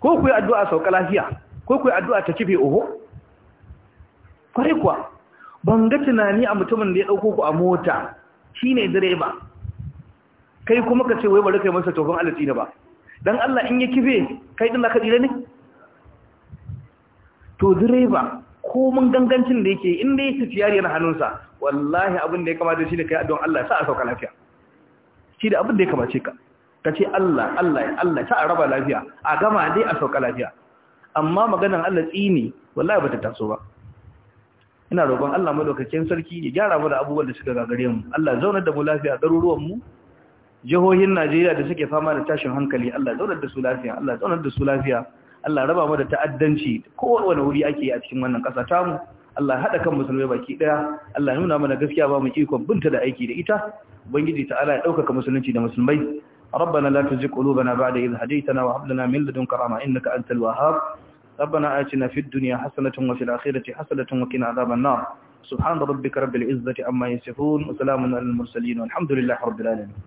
ko ku yi addu'a sauka lafiya ko ku yi addu'a ta kife oho kwarai kuwa ban ga tunani a mutumin da ya ɗauko ku a mota shi ne direba kai kuma ka ce wai bari kai masa tofin alatsi ne ba don Allah in ya kife kai ɗin laka ɗire ne to direba ko mun gangancin da yake inda ya tafiya yana hannunsa wallahi abin da ya kamata shi ne kai addu'an Allah sa a sauka lafiya shi da abin da ya kamace ka ka ce Allah Allah Allah ta raba lafiya a gama dai a sauka lafiya amma maganan Allah tsini wallahi bata taso ba ina roƙon Allah madaukakin sarki ya gyara mu da abubuwan da suka gagare mu Allah zaunar da mu lafiya a mu jihohin Najeriya da suke fama da tashin hankali Allah zaunar da su lafiya Allah zaunar da su lafiya Allah raba mu da ta'addanci kowane wuri ake yi a cikin wannan ƙasa tamu Allah haɗa kan musulmai baki ɗaya Allah nuna mana gaskiya ba mu ikon binta da aiki da ita Ubangiji ta'ala ya ɗaukaka musulunci da musulmai ربنا لا تزغ قلوبنا بعد إذ هديتنا وهب لنا من لدنك رحمة إنك أنت الوهاب ربنا آتنا في الدنيا حسنة وفي الآخرة حسنة وقنا عذاب النار سبحان ربك رب العزة عما يصفون وسلام على المرسلين والحمد لله رب العالمين